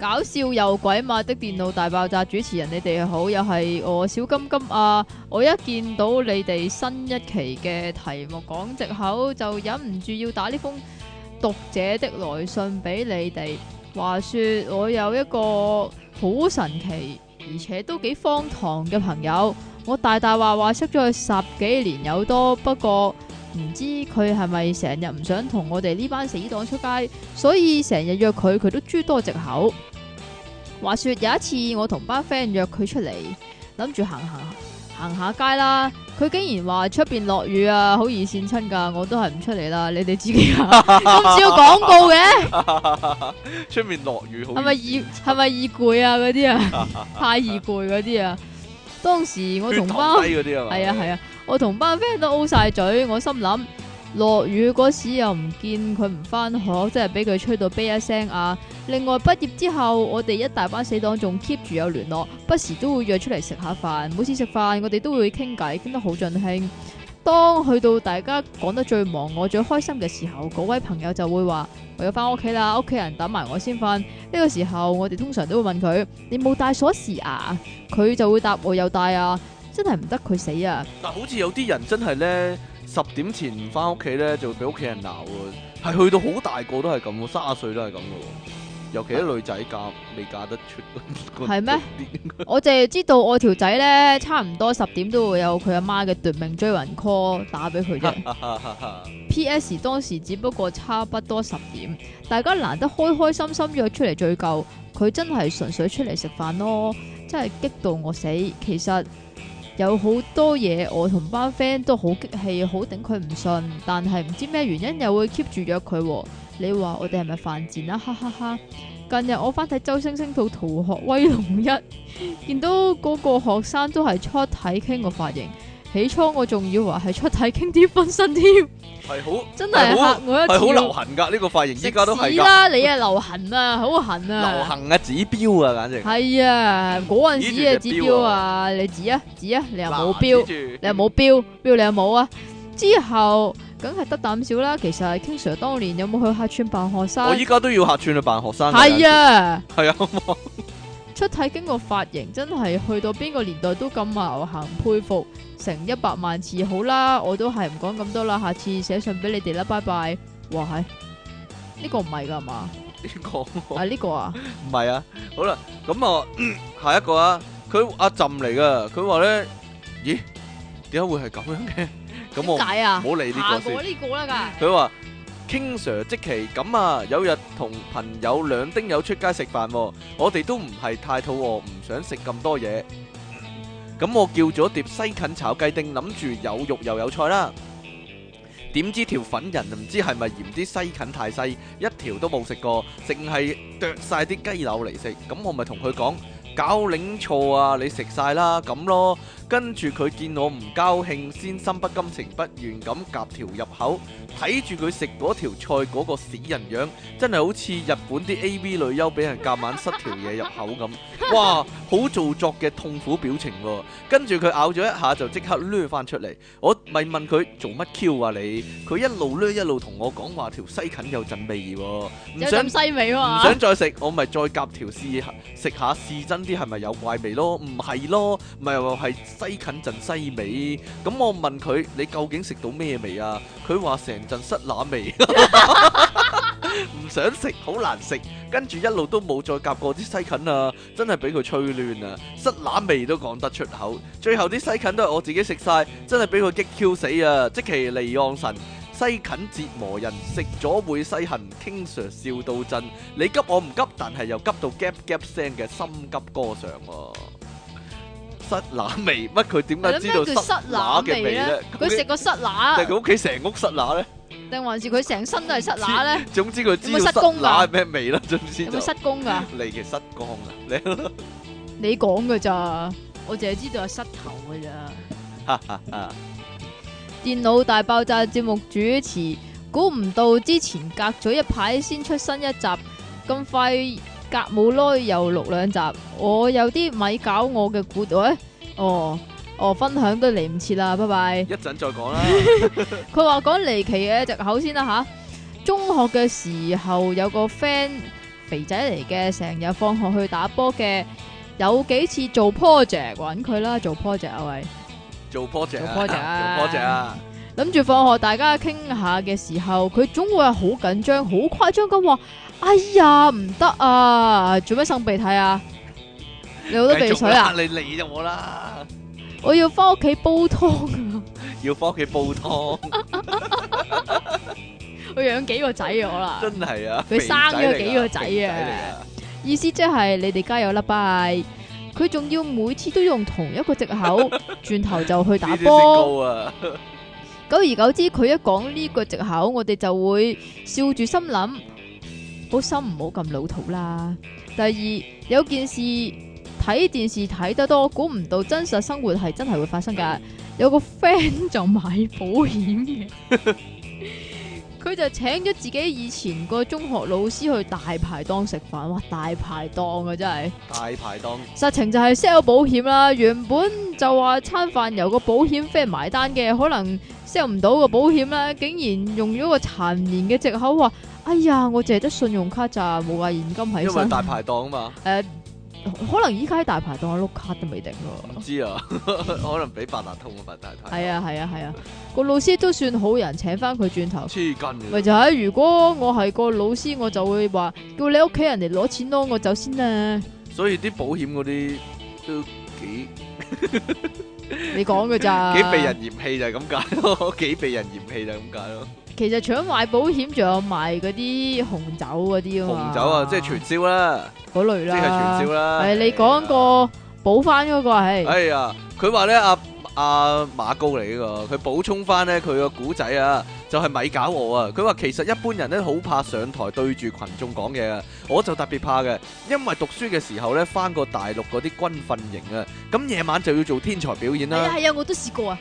搞笑又鬼馬的電腦大爆炸主持人，你哋好，又係我小金金啊！我一見到你哋新一期嘅題目講藉口，就忍唔住要打呢封。讀者的來信俾你哋，話說我有一個好神奇而且都幾荒唐嘅朋友，我大大話話識咗佢十幾年有多，不過唔知佢係咪成日唔想同我哋呢班死黨出街，所以成日約佢佢都諸多藉口。話說有一次我同班 friend 約佢出嚟，諗住行行。行下街啦，佢竟然話出邊落雨啊，好易跣親噶，我都係唔出嚟啦。你哋自己，咁似個廣告嘅。出面落雨好，係咪易？係咪易攰啊？嗰啲 [LAUGHS] [LAUGHS] 啊， [LAUGHS] 太易攰嗰啲啊。 [LAUGHS] 當時我同班，係啊，係啊，我同班 friend 都 O 晒嘴，我心諗。落雨嗰時又唔見佢唔翻學，真係俾佢吹到悲一聲啊！另外畢業之後，我哋一大班死黨仲 keep 住有聯絡，不時都會約出嚟食下飯。每次食飯我哋都會傾偈，傾得好盡興。當去到大家講得最忙、我最開心嘅時候，嗰位朋友就會話：我要翻屋企啦，屋企人等埋我先瞓。呢個時候我哋通常都會問佢：你冇帶鎖匙啊？佢就會答：我有帶啊，真係唔得佢死啊！嗱，好似有啲人真係咧。十點前唔返屋企咧，就會俾屋企人鬧喎。係去到好大個都係咁喎，卅歲都係咁嘅喎。尤其啲女仔嫁、啊、未嫁得出。係咩？我淨係知道我條仔咧，差唔多十點都會有佢阿媽嘅「奪命追魂」call 打俾佢啫。 [LAUGHS] PS 當時只不過差不多十點，大家難得開開心心約出嚟聚舊，佢真係純粹出嚟食飯咯，真係激到我死。其實。有好多嘢，我同班 friend 都好激氣，好頂佢唔順，但係唔知咩原因又會 keep 住約佢，哦。你話我哋係咪犯賤啦、啊？哈哈哈！近日我翻睇周星星套《逃學威龍一，》 [LAUGHS] 見到嗰個學生都係出體 king 個髮型。起初我仲以為係出體傾啲分身添很，係好 [LAUGHS] 真係嚇我一跳，係好流行噶呢、這個髮型，依家都係噶。啦！你係流行啊，好痕啊，流行啊指標啊，簡直。係啊嗰陣時啊指標啊，你指啊指啊，你又冇標，啊、你又冇標標， [LAUGHS] 你又冇啊。之後梗係得膽小啦。其實 King Sir 當年有冇去客串扮學生？我依家都要客串去扮學生。係啊，係啊。 [LAUGHS] 出體經過髮型，真係去到邊個年代都咁流行，佩服成一百萬次好啦，我都係唔講咁多啦，下次寫信俾你哋啦，拜拜。哇，係、這、呢個唔係噶嘛？呢個？啊，呢、這個啊？唔係 [LAUGHS] 啊。好啦，咁、嗯、啊，下一個啊，佢阿、啊、朕嚟噶，佢話咧，咦，點 [LAUGHS] 那我 解會係咁樣嘅？咁我，啊！我嚟呢個先。下個呢個啦噶。佢話。經常即奇咁啊！有日同朋友兩丁友出街食飯，啊，我哋都唔係太肚餓，唔想食咁多嘢。咁我叫咗碟西芹炒雞丁，諗住有肉又有菜啦，啊。點知條粉人唔知係咪嫌啲西芹太細，一條都冇食過，淨係剁晒啲雞柳嚟食。咁我咪同佢講：搞檸錯啊！你食晒啦咁咯。跟住佢見我唔高興，先心不甘情不願咁夾條入口，睇住佢食嗰條菜嗰個死人樣，真係好似日本啲 A.V. 女優俾人夾硬塞條嘢入口咁，哇，好做作嘅痛苦表情喎、哦！跟住佢咬咗一下就即刻掠翻出嚟，我咪問佢做乜 Q 啊你？佢一路掠一路同我講話條西芹有陣味、哦，唔想西味、啊，唔想再食，我咪再夾條試食下試真啲係咪有怪味咯？唔係咯，咪係。西芹陣西味，咁我問佢，你究竟食到咩味，味 [LAUGHS] [LAUGHS] [LAUGHS] 啊？佢話成陣濕乸味，唔想食，好難食。跟住一路都冇再夾過啲西芹啦，真係俾佢吹亂啊！濕乸味都講得出口。最後啲西芹都係我自己食晒，真係俾佢激 Q 死啊！積淇離岸神西芹折磨人，食咗會西痕，經常笑到震。你急我唔急，但係又急到 gap gap 聲嘅心急歌上、啊。濕乸味乜？佢點解知道濕乸味咧？佢食個濕乸，定係佢屋企成屋濕乸咧？定還是佢成身都係濕乸咧？總之佢知道濕乸係咩味啦，知唔知？有冇濕工噶？你嘅失光啊！你講嘅咋？我淨係知道係膝頭嘅咋。哈哈啊！電腦大爆炸節目主持，估唔到之前隔咗一排先出新一集，咁快！隔冇耐又錄兩集，我有啲咪搞我嘅古喂，哦哦，分享都嚟唔切啦，拜拜。一陣再講啦。佢話講離奇嘅藉口先啦、啊、吓、啊。中學嘅時候有個 friend 肥仔嚟嘅，成日放學去打波嘅，有幾次做 project 揾佢啦，做 project 啊喂，做 project，做 project，啊，諗住、啊啊 [LAUGHS] 啊、放學大家傾下嘅時候，佢總會好緊張、好誇張噉話。哎呀，唔得啊！做咩生鼻涕啊？你好多鼻水啊！你嚟就我啦！我要翻屋企煲湯啊， [LAUGHS] 啊！要翻屋企煲湯，我養幾個仔我啦！真係啊！佢生咗幾個仔啊！意思即係你哋加油啦！拜！佢仲要每次都用同一個藉口，轉 [LAUGHS] 頭就去打波。 [LAUGHS] 久而久之，佢一講呢個藉口，我哋就會笑住心諗。好心唔好咁老土啦。第二，有件事睇電視睇得多，估唔到真實生活係真係會發生噶。有個 friend 就買保險嘅，佢 [LAUGHS] [LAUGHS] 就請咗自己以前個中學老師去大排檔食飯。哇，大排檔啊，真係大排檔。實情就係 sell 保險啦。原本就話餐飯由個保險 friend 埋單嘅，可能 sell 唔到個保險啦，竟然用咗個殘言嘅借口話，哎呀，我淨係得信用卡咋，冇話現金喺身。因為大排檔嘛。誒、呃，可能依家喺大排檔碌卡都未定咯。唔知啊， [LAUGHS] 可能俾八達通個白大太。係啊係啊係啊，個、 [LAUGHS] 啊啊啊啊、老師都算好人，請翻佢轉頭。黐筋咪就係、啊，如果我係個老師，我就會話叫你屋企人嚟攞錢咯，我先走先啦。所以啲保險嗰啲都幾，你講嘅咋？幾被人嫌棄就係咁解咯， [LAUGHS] 幾被人嫌棄就咁解咯。 [LAUGHS] [LAUGHS] 其實除咗賣保險，仲有賣嗰啲紅酒嗰啲啊！紅酒啊，即係傳銷啦，嗰類啦，即係傳銷啦。係、啊啊、你講個補翻嗰個，係係啊！佢話咧，阿阿、啊啊、馬高嚟，呢，佢補充翻咧佢個古仔啊，就係咪搞我啊？佢話其實一般人咧好怕上台對住群眾講嘢啊，我就特別怕嘅，因為讀書嘅時候咧翻過大陸嗰啲軍訓營啊，咁夜晚就要做天才表演啦、啊。啊係啊，我都試過啊！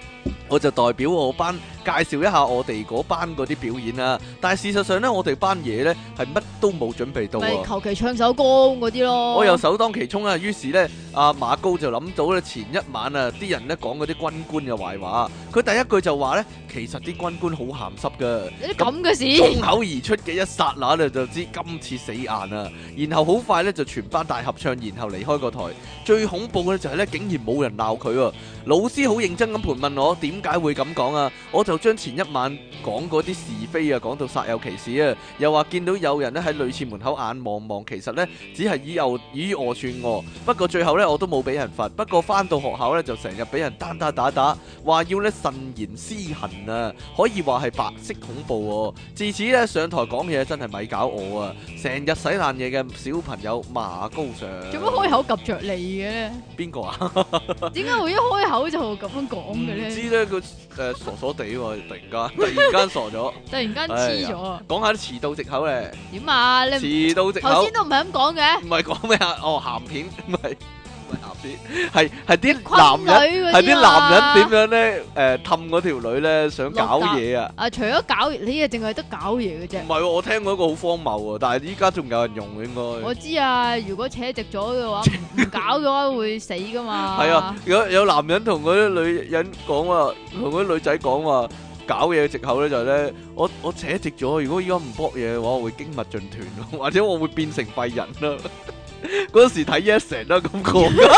我就代表我班，介紹一下我哋嗰班嗰啲表演啊。但係事實上呢，我哋班嘢呢係乜都冇準備到啊！求其唱首歌嗰啲咯。我又首當其衝啊！於是呢，阿、啊、馬高就諗到呢：「前一晚啊，啲人呢講嗰啲軍官嘅壞話。佢第一句就話呢：「其實啲軍官好鹹濕㗎。啲咁嘅事。衝口而出嘅一剎那咧，就知今次死硬啊！然後好快呢，就全班大合唱，然後離開個台。最恐怖嘅就係呢，竟然冇人鬧佢啊。老師好認真咁盤問我點解會咁講啊！我就。就將前一晚講嗰啲是非啊，講到煞有其事啊，又話見到有人咧喺女廁門口眼望望，其實呢，只係以有以我串我。不過最後呢，我都冇俾人罰。不過翻到學校呢，就成日俾人打打打打，話要呢慎言思行啊，可以話係白色恐怖喎、啊。自此呢，上台講嘢真係咪搞我啊？成日洗爛嘢嘅小朋友馬高 Sir，做乜開口及着你嘅咧？邊個誰啊？點解會一開口就咁樣講嘅呢？唔知咧，佢誒、呃、傻傻地 [LAUGHS] 突然間， [LAUGHS] 突然間傻咗，突然間黐咗啊！講下啲遲到藉口咧。點啊？你遲到藉口頭先都唔係咁講嘅。唔係講咩啊？哦、oh，鹹片唔係。 [LAUGHS] 係係啲男人，係啲男人點樣咧？誒，氹嗰條女咧，想搞嘢啊！啊，除咗搞嘢，你淨係得搞嘢嘅啫。唔係，我聽過一個好荒謬啊！但係依家仲有人用應該。我知啊，如果扯直咗嘅話，唔搞嘅話會死㗎嘛。係啊，有有男人同嗰啲女人講話，同嗰啲女仔講話，搞嘢藉口咧就係咧，我我扯直咗，如果依家唔搏嘢嘅話，我會經脈盡斷，或者我會變成廢人啦。嗰時睇 E 成都係咁講噶，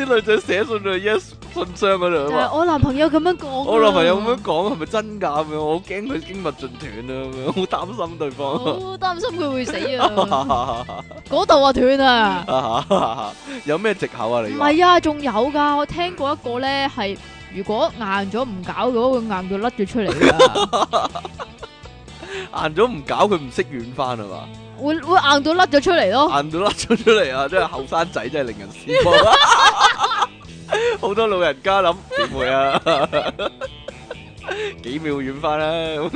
啲女仔寫信去 E、yes, 信箱嗰度，我男朋友咁樣講，我男朋友咁樣講係咪真噶？咁樣我好驚佢經脈盡斷啊，我好擔心對方。我好擔心佢會死啊！嗰度啊斷啊！ [LAUGHS] 有咩藉口啊？你唔係啊？仲有噶，我聽過一個咧，係如果硬咗唔搞嘅話，佢硬到甩咗出嚟啊！ [LAUGHS] 硬咗唔搞佢唔識軟翻係嘛？會會硬到甩咗出嚟咯，硬到甩咗出嚟啊！真係後生仔真係令人羨慕啊！好多老人家諗點會啊？幾秒軟返啦！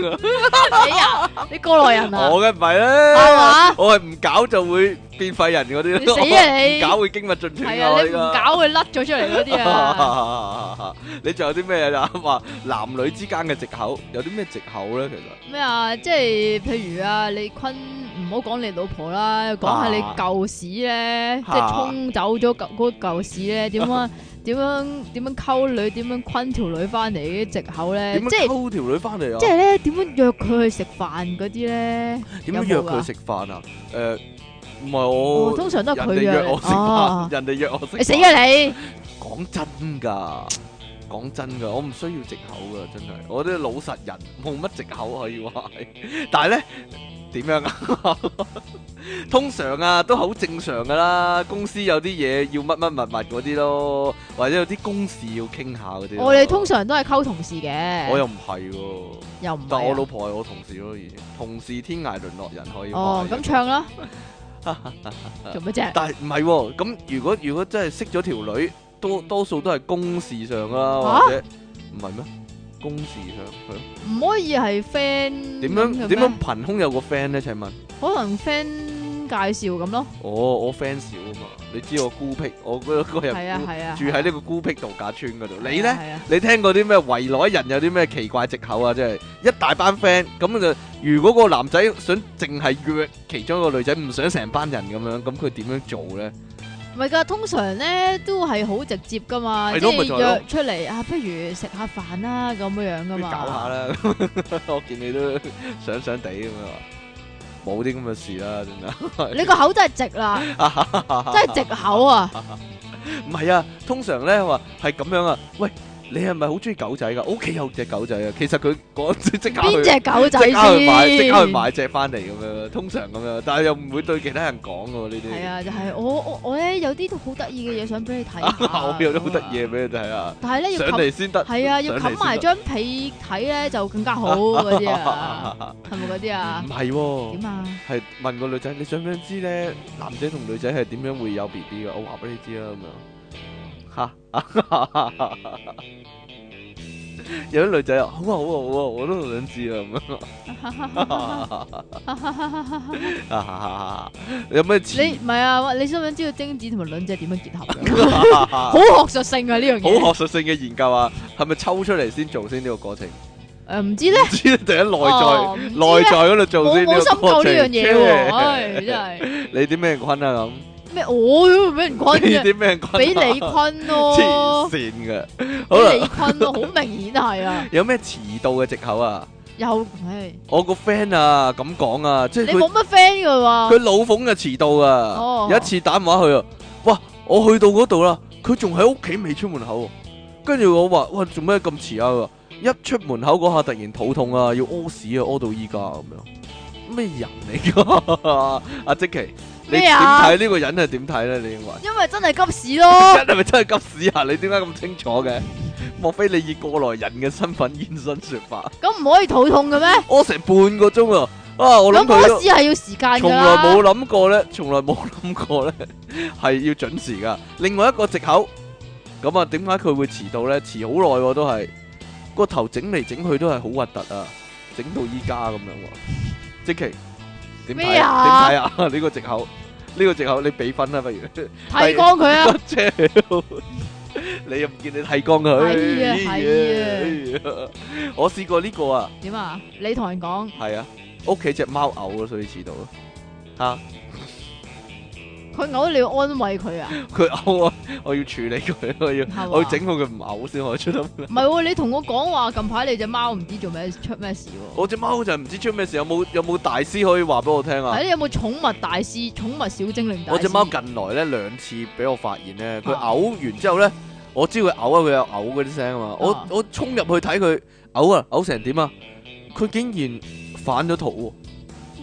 你過來人啊？我嘅唔係啦，我係唔搞就會變廢人嗰啲咯。你死啊你！搞會精物盡脫啊！你唔搞會甩咗出嚟嗰啲啊！你仲有啲咩啊？話男女之間嘅藉口有啲咩藉口咧？其實咩啊？即係譬如啊，李坤。唔好講你老婆啦，講下你舊屎咧，啊、即係沖走咗舊嗰舊屎咧，點樣點、啊、樣點樣溝女，點樣昆條女翻嚟啲借口咧？即係溝條女翻嚟啊！即係咧，點樣、哦、約佢去食飯嗰啲咧？點樣約佢食飯啊？誒，唔係我通常都係佢約我食飯，人哋約我食飯。你死啊你！講真噶，講真噶，我唔需要借口噶，真係，我啲老實人冇乜借口可以話，但係咧。點樣啊？通常啊，都好正常噶啦。公司有啲嘢要乜乜物物嗰啲咯，或者有啲公事要傾下嗰啲。我哋通常都係溝同事嘅。我又唔係，又唔係，但係我老婆係我同事咯。以前同事天涯淪落人可以哦，咁唱咯。做乜啫？但係唔係咁？如果如果真係識咗條女，多多數都係公事上啦，或者唔係咩？公事係咯，唔可以係 friend。點樣點樣憑空有個 friend 咧？請問，可能 friend 介紹咁咯。哦，我 friend 少啊嘛，你知我孤僻，我嗰日、啊啊、住喺呢個孤僻度假村嗰度。啊、你咧？啊啊、你聽過啲咩圍內人有啲咩奇怪藉口啊？即係一大班 friend，咁就如果個男仔想淨係約其中一個女仔，唔想成班人咁樣，咁佢點樣做咧？唔係㗎，通常咧都係好直接㗎嘛，的即係約出嚟的啊，不如食下飯啦咁樣樣㗎嘛。搞下啦， [LAUGHS] 我見你都想想地咁樣話，冇啲咁嘅事啦，真係。你個口真係直啦， [LAUGHS] 真係直口啊！唔係 [LAUGHS] 啊，通常咧話係咁樣啊，喂。你係咪好中意狗仔噶？屋企有隻狗仔啊！其實佢講即刻去邊隻狗仔先？即刻去買，即刻去買隻翻嚟咁樣。通常咁樣，但係又唔會對其他人講嘅喎呢啲。係啊，就係我我我咧有啲好得意嘅嘢想俾你睇，我有啲好得意嘢俾你睇 [LAUGHS] 啊！但係咧要上嚟先得。係啊，要冚埋張被睇咧就更加好嗰啲 [LAUGHS] 啊，係咪嗰啲啊？唔係點啊？係問個女仔你想唔想知咧男仔同女仔係點樣會有 B B 嘅？我話俾你知啊咁樣。吓 [LAUGHS] 有啲女仔話：好啊，好啊，好啊，我都想知啊！咁 [LAUGHS] 樣 [LAUGHS] [LAUGHS] 有咩？你唔係啊？你想唔想知道精子同埋卵子點樣結合？好 [LAUGHS] [LAUGHS] 學術性啊！呢樣嘢好學術性嘅研究啊！係咪抽出嚟先做先呢個過程？誒、嗯，唔知咧，唔、 [LAUGHS] 啊、知第一內在內在嗰度做、啊、呢先呢做 沒個我我冇深究呢樣嘢喎，唉、 [LAUGHS] 哎，真係。 [LAUGHS] 你啲咩坤啊咁？咩？我都會俾人昆嘅，俾你昆咯，黐線嘅，俾你昆咯，好明顯係啊。有咩遲到嘅借口啊？有，唉，我個 friend 啊，咁講啊，即、就、係、是、你冇乜 friend 嘅喎。佢老逢就遲到啊，有、oh，一次打電話去，啊，哇，我去到嗰度啦，佢仲喺屋企未出門口，跟住我話，喂，做咩咁遲啊？佢話一出門口嗰下突然肚痛啊，要屙屎啊，屙到依家咁樣，咩人嚟噶？阿積淇。你點睇呢個人係點睇咧？你認為？因為真係急屎咯！係咪真係急屎啊？你點解咁清楚嘅？莫非你以過來人嘅身份現身說法？咁唔可以肚痛嘅咩？我成半個鐘啊！啊，我諗佢。咁屙屎係要時間噶。從來冇諗過咧，從來冇諗過咧，係要準時噶。另外一個借口，咁啊，點解佢會遲到咧？遲好耐都係個頭整嚟整去都係好核突啊！整到依家咁樣，積淇點睇？點睇啊？呢個借口。呢個藉口你俾分啦，不如剃光佢啊！你又唔見你剃光佢？我試過呢個啊。點啊？你同人講係啊？屋企隻貓嘔啦，所以遲到啦吓。 [LAUGHS] 佢嘔你要安慰佢啊！佢嘔我，我要處理佢，我要吧我要整到佢唔嘔先，可以出得唔？唔係，你同我講話近排你隻貓唔知做咩出咩事喎、啊？我隻貓就唔知出咩事，有冇有冇大師可以話俾我聽啊？誒、哎，你有冇寵物大師、寵物小精靈大師？我隻貓近來咧兩次俾我發現咧，佢嘔完之後咧，我知佢嘔啊，佢有嘔嗰啲聲啊嘛，我我衝入去睇佢嘔啊，嘔成點啊？佢竟然反咗肚。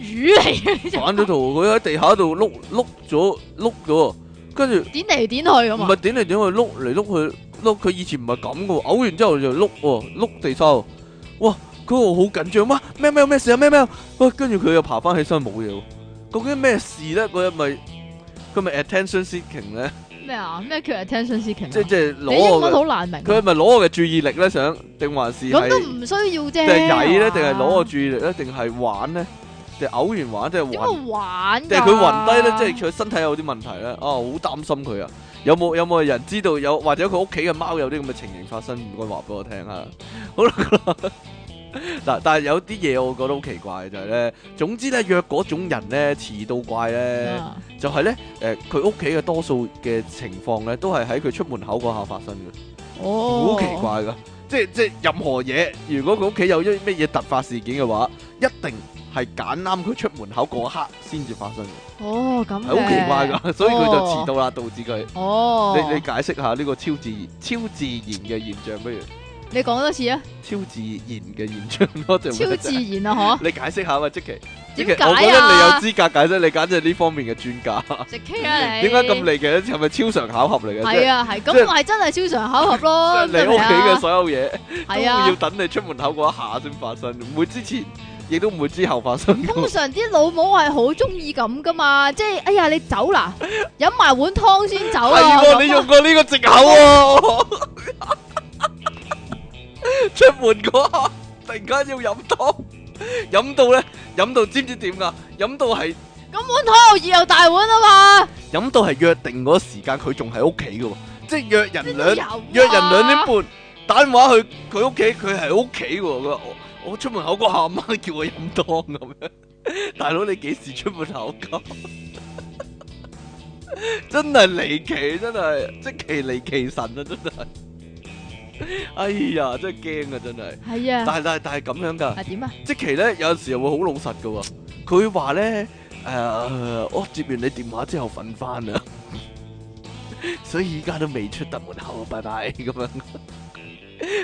魚嚟嘅，玩咗圖佢喺地下度碌碌咗碌咗，跟住點嚟點去咁唔係點嚟點去碌嚟碌去碌，佢以前唔係咁嘅，嘔完之後就碌喎碌地心，哇！佢個好緊張嘛？咩咩咩事啊？咩咩，哇！跟住佢又爬翻起身冇嘢，究竟咩事咧？佢係咪佢咪 attention seeking 咧？咩啊？咩叫 attention seeking？即即係你應好難明。佢係咪攞我嘅注意力咧，想定還是咁都唔需要啫。定係曳咧？定係攞我注意力咧？定係玩咧？就偶然玩，即係玩。即係佢暈低咧，即係佢身體有啲問題咧。哦、啊，好擔心佢啊！有冇有冇人知道有，或者佢屋企嘅貓有啲咁嘅情形發生？唔該，話俾我聽啊！好啦，嗱，但係有啲嘢我覺得好奇怪就係、是、咧，總之咧，若嗰種人咧遲到怪咧，Yeah. 就係咧，誒、呃，佢屋企嘅多數嘅情況咧，都係喺佢出門口嗰下發生嘅。哦，好奇怪噶，即即任何嘢，如果佢屋企有啲咩嘢突發事件嘅話，一定。係揀啱佢出門口嗰刻先至發生嘅。哦咁，好奇怪噶，所以佢就遲到啦，導致佢，哦，你你解釋下呢個超自然超自然嘅現象，不如你講多次啊，超自然嘅現象多就超自然啊嗬，你解釋下嘛，即奇。點解我覺得你有資格解釋，你簡直係呢方面嘅專家，即點解咁離奇？係咪超常巧合嚟嘅？係啊係，咁係真係超常巧合咯，你屋企嘅所有嘢，都要等你出門口嗰一下先發生，唔會之前。亦都唔會之後發生。通常啲老母係好中意咁噶嘛，即係哎呀你走啦，飲埋碗湯先走啊！係喎，你用過呢個藉口喎。出門嗰下突然間要飲湯，飲到咧，飲到知唔知點㗎？飲到係咁碗湯又熱又大碗啊嘛！飲到係約定嗰時間佢仲喺屋企嘅喎，即係約人兩約人兩點半，打電話去佢屋企，佢喺屋企喎。我出門口過下阿媽叫我飲湯咁樣， [LAUGHS] 大佬你幾時出門口？ [LAUGHS] 真係離奇，真係積淇離岸神啊！真係，哎呀，真係驚啊！真係，係呀啊，但係但係但係咁樣噶，點啊？積淇咧有陣時又會好老實噶，佢會話咧誒，我接完你電話之後瞓翻啊， [LAUGHS] 所以而家都未出得門口啊，拜拜咁樣。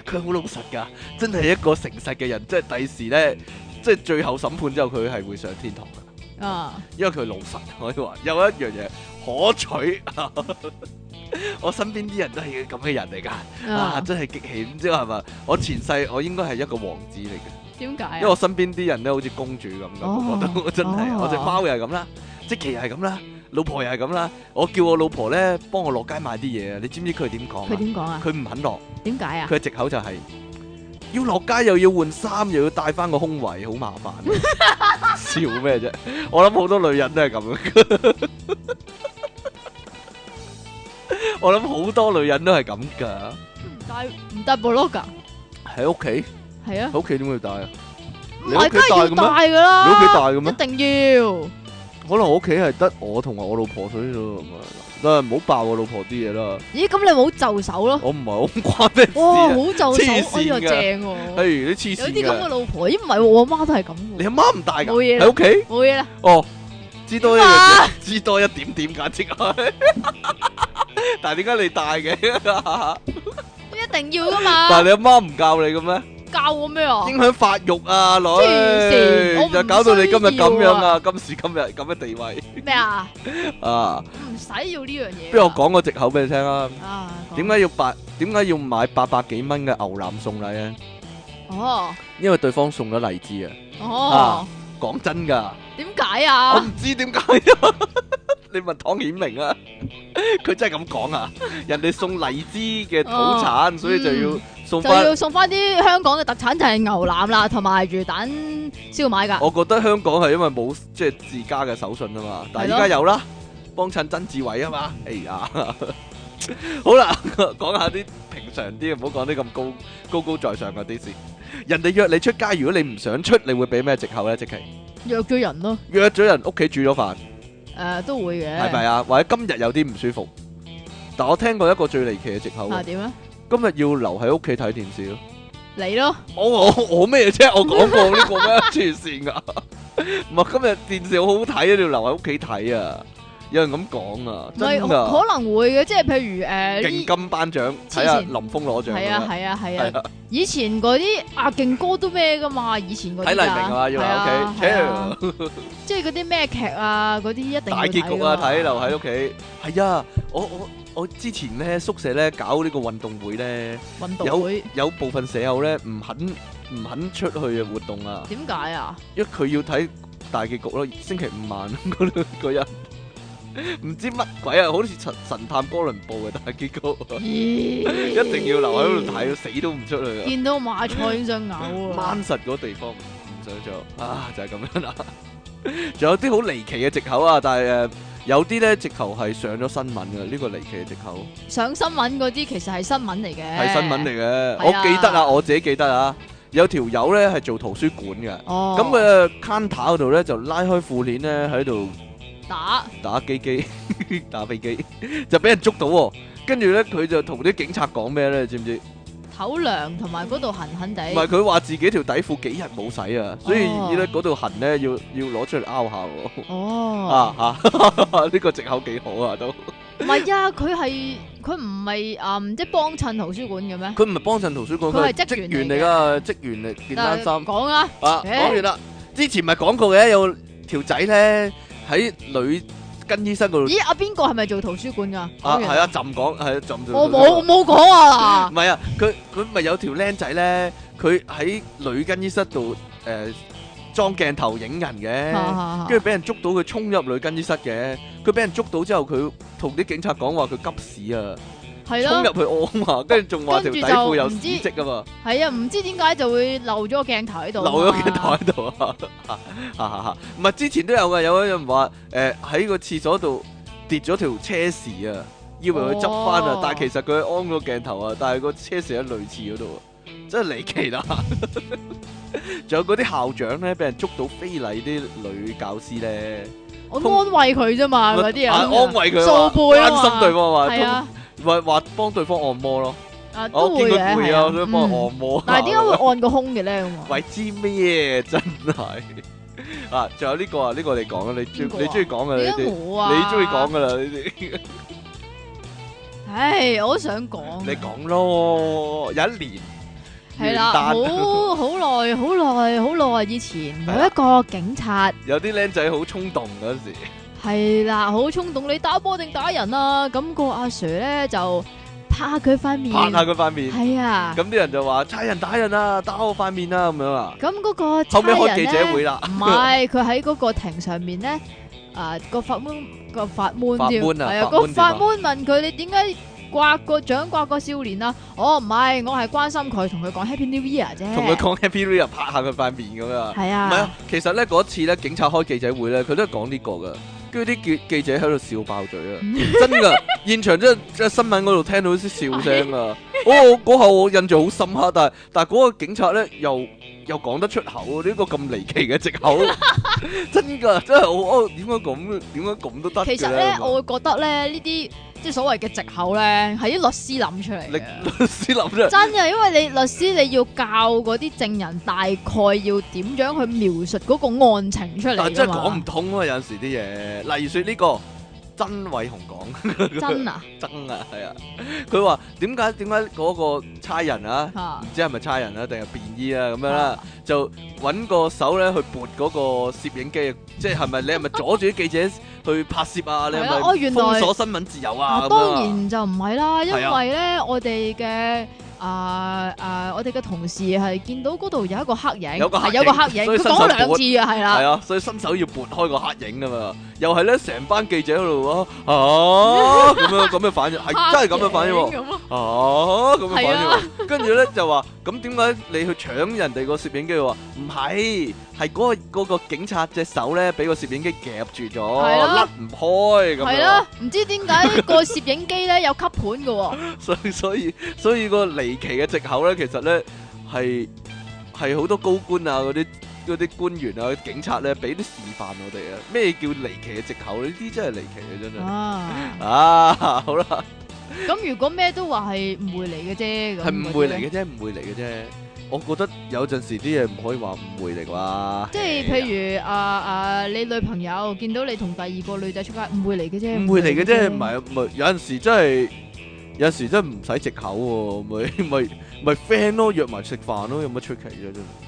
佢好老實噶，真係一個誠實嘅人，即係第時咧，即係最後審判之後，佢係會上天堂噶。啊，uh, 因為佢老實，我可以話有一樣嘢可取。 [LAUGHS] 我身邊啲人都係咁嘅人嚟噶，uh, 啊，真係極險，即係咪？我前世我應該係一個王子嚟嘅，點解、啊？因為我身邊啲人都好似公主咁咁，我、oh, 覺得我真係，oh, oh. 我隻貓又係咁啦，即係其實係咁啦。老婆又係咁啦，我叫我老婆咧幫我落街買啲嘢啊！你知唔知佢點講？佢點講啊？佢唔肯落。點解啊？佢嘅借口就係要落街又要換衫又要帶翻個胸圍，好麻煩。笑咩啫？我諗好多女人都係咁噶。我諗好多女人都係咁噶。唔帶唔帶 blog 啊？喺屋企？係啊。屋企點會帶啊？唔係，你屋企帶嘅咩？你屋企帶嘅咩？一定要。可能我屋企係得我同埋我老婆水啫，唔係，但係唔好爆我老婆啲嘢啦。咦，咁你唔好就手咯。我唔係好關咩事。哇，好就手，呢個正喎。譬如啲黐線嘅。你有啲咁嘅老婆，咦唔係，我媽都係咁嘅。你阿媽唔大噶？冇嘢啦。喺屋企。冇嘢啦。哦，知多一樣嘢，知多一點點，簡直係。但係點解你大嘅？都一定要噶嘛。但係你阿媽唔教你嘅咩？影響發育啊，女就搞到你今日咁樣啊，今時今日咁嘅地位咩啊？啊唔使要呢樣嘢，不如我講個藉口俾你聽啦。啊，點解要八？點解要買八百幾蚊嘅牛腩送禮啊？哦，因為對方送咗荔枝啊。哦，講真噶，點解啊？我唔知點解。你問唐顯明啊，佢真係咁講啊。人哋送荔枝嘅土產，所以就要。就要送翻啲香港嘅特產，就係、是、牛腩啦，同埋魚蛋燒賣噶。 [LAUGHS] 我覺得香港係因為冇即係自家嘅手信啊嘛，但係而家有啦，幫襯 [LAUGHS] 曾志偉啊嘛。哎呀， [LAUGHS] 好啦，講 [LAUGHS] 下啲平常啲，唔好講啲咁高高高在上嘅啲事。人哋約你出街，如果你唔想出，你會俾咩藉口咧？即係約咗人咯、啊，約咗人屋企煮咗飯，誒、呃、都會嘅係咪啊？或者今日有啲唔舒服，但我聽過一個最離奇嘅藉口啊。點咧？今日要留喺屋企睇電視咯，你咯，我我我咩啫？我講過呢個咩黐線噶，唔係今日電視好好睇啊，你要留喺屋企睇啊，有人咁講啊，真噶，可能會嘅，即係譬如誒，勁金頒獎睇下林峰攞獎，係啊係啊係啊，以前嗰啲阿勁哥都咩噶嘛，以前嗰啲啊，睇黎明啊要留喺屋企，即係嗰啲咩劇啊，嗰啲一定大結局啊，睇留喺屋企，係啊，我我。我之前咧宿舍咧搞呢個運動會咧，運動會？有有部分舍友咧唔肯唔肯出去嘅活動啊。點解啊？因為佢要睇大結局咯，星期五晚嗰兩個人唔知乜鬼啊，好似神神探哥倫布嘅大結局，一定要留喺度睇，死都唔出去。見到買菜想咬啊！掹實嗰地方唔想做啊，就係咁樣啦。仲有啲好離奇嘅借口啊，但係誒。有啲咧直頭係上咗新聞嘅，呢、呢個離奇嘅直頭上新聞嗰啲，其實係新聞嚟嘅，係新聞嚟嘅。是啊、我記得啊，我自己記得啊，有條友咧係做圖書館嘅，咁嘅 counter 嗰度咧就拉開褲鏈咧喺度打打機機 [LAUGHS] 打飛機， [LAUGHS] 就俾人捉到喎。呢跟住咧佢就同啲警察講咩咧？知唔知？口糧同埋嗰度痕痕哋，唔係佢話自己條底褲幾日冇洗啊，所以咧嗰度痕咧要要攞出嚟拗下喎。哦，啊嚇，呢個藉口幾好啊都。唔係啊，佢係佢唔係啊，即係幫襯圖書館嘅咩？佢唔係幫襯圖書館，佢係職員嚟㗎，職員嚟，別擔心講啦。啊，講嘿、啊、完啦，之前咪係講過嘅，有條仔咧喺女。跟醫生嗰度，咦？阿、啊、邊個係咪做圖書館㗎？啊，係啊，朕講，係朕我冇，冇講啊！唔係啊，佢佢咪有條僆仔咧，佢喺女更衣室度誒、呃、裝鏡頭影人嘅，跟住俾人捉到佢衝入女更衣室嘅，佢俾人捉到之後，佢同啲警察講話佢急屎啊！係咯，衝入、啊、去安嘛，跟住仲話條底褲有屎跡噶嘛。係、嗯、啊，唔知點解就會漏咗個鏡頭喺度。漏咗鏡頭喺度啊！吓吓吓！唔、啊、係、啊啊啊、之前都有嘅，有人、呃、個人話誒喺個廁所度跌咗條車匙啊，以為佢執翻啊，但係其實佢安個鏡頭啊，但係個車匙喺女廁嗰度，真係離奇啦！仲有嗰啲校長咧，俾人捉到非禮啲女教師咧，我安慰佢啫嘛，啲們、啊、人、啊、安慰佢，收背啊關心對方嘛，通咪話幫對方按摩咯，我見佢攰啊，我想幫按摩。但係點解會按個胸嘅咧？咁啊，為知咩？真係啊！仲有呢個啊，呢個你講啊，你最你中意講嘅，你你中意講噶啦呢啲。唉，我都想講。你講咯，有一年係啦，好好耐好耐好耐以前，每一個警察有啲僆仔好衝動嗰時。係啦，好衝動，你打波定打人啊？咁個阿 Sir 咧就拍下佢塊面，拍下佢塊面，係啊。咁啲人就話差人打人啊，打我塊面啊咁樣啊。咁嗰個後尾開記者會啦，唔係佢喺嗰個庭上面咧，誒個法官，個法官，係啊，個法官問佢你點解刮個掌刮個少年啊？我唔係，我係關心佢，同佢講 Happy New Year 啫。同佢講 Happy New Year，拍下佢塊面咁樣啊。係啊，唔係啊，其實咧嗰次咧警察開記者會咧，佢都係講呢個㗎。跟住啲記記者喺度笑爆嘴啊！ [LAUGHS] 真噶，現場真係真係新聞嗰度聽到啲笑聲啊！哦，嗰下我印象好深刻，但係但係嗰個警察咧又。又講得出口，呢個咁離奇嘅藉口， [LAUGHS] [LAUGHS] 真噶，真係我我點解咁點解咁都得？其實咧，我會覺得咧，呢啲即係所謂嘅藉口咧，係啲律師諗出嚟律師諗出嚟真嘅，因為你律師你要教嗰啲證人大概要點樣去描述嗰個案情出嚟。但真係講唔通啊！有時啲嘢，例如説呢個。曾偉雄講：真啊，真啊，係啊！佢話點解點解嗰個差人啊，唔知係咪差人啊，定係、啊、便衣啊咁樣啦，啊、就揾個手咧去撥嗰個攝影機，即係係咪你係咪阻住啲記者去拍攝啊？ [LAUGHS] 你係咪封鎖新聞自由啊？啊我啊當然就唔係啦，因為咧、啊、我哋嘅。啊啊！我哋嘅同事係見到嗰度有一個黑影，有個有個黑影，佢講兩次啊，係啦，係啊，所以伸手要撥開個黑影㗎嘛。又係咧，成班記者喺度啊，哦，咁樣咁樣反應，係真係咁樣反應喎，哦，咁樣反應，跟住咧就話，咁點解你去搶人哋個攝影機？話唔係。係嗰個嗰個警察隻手咧，俾個攝影機夾住咗，甩唔、啊、開咁樣咯。係咯、啊，唔知點解個攝影機咧 [LAUGHS] 有吸盤嘅喎、啊。所以所以所以個離奇嘅藉口咧，其實咧係係好多高官啊嗰啲啲官員啊警察咧俾啲示範我哋啊，咩叫離奇嘅藉口呢？啲真係離奇嘅真係。啊、啊，好啦。咁如果咩都話係唔會嚟嘅啫，係唔會嚟嘅啫，唔會嚟嘅啫。我覺得有陣時啲嘢唔可以話誤會嚟啩，即係是的譬如啊啊、呃呃，你女朋友見到你同第二個女仔出街，誤會嚟嘅啫，誤會嚟嘅啫，唔係唔係有陣時真係有陣時真係唔使藉口喎，咪咪咪 friend 咯，約埋食飯咯，有乜出奇嘅啫。真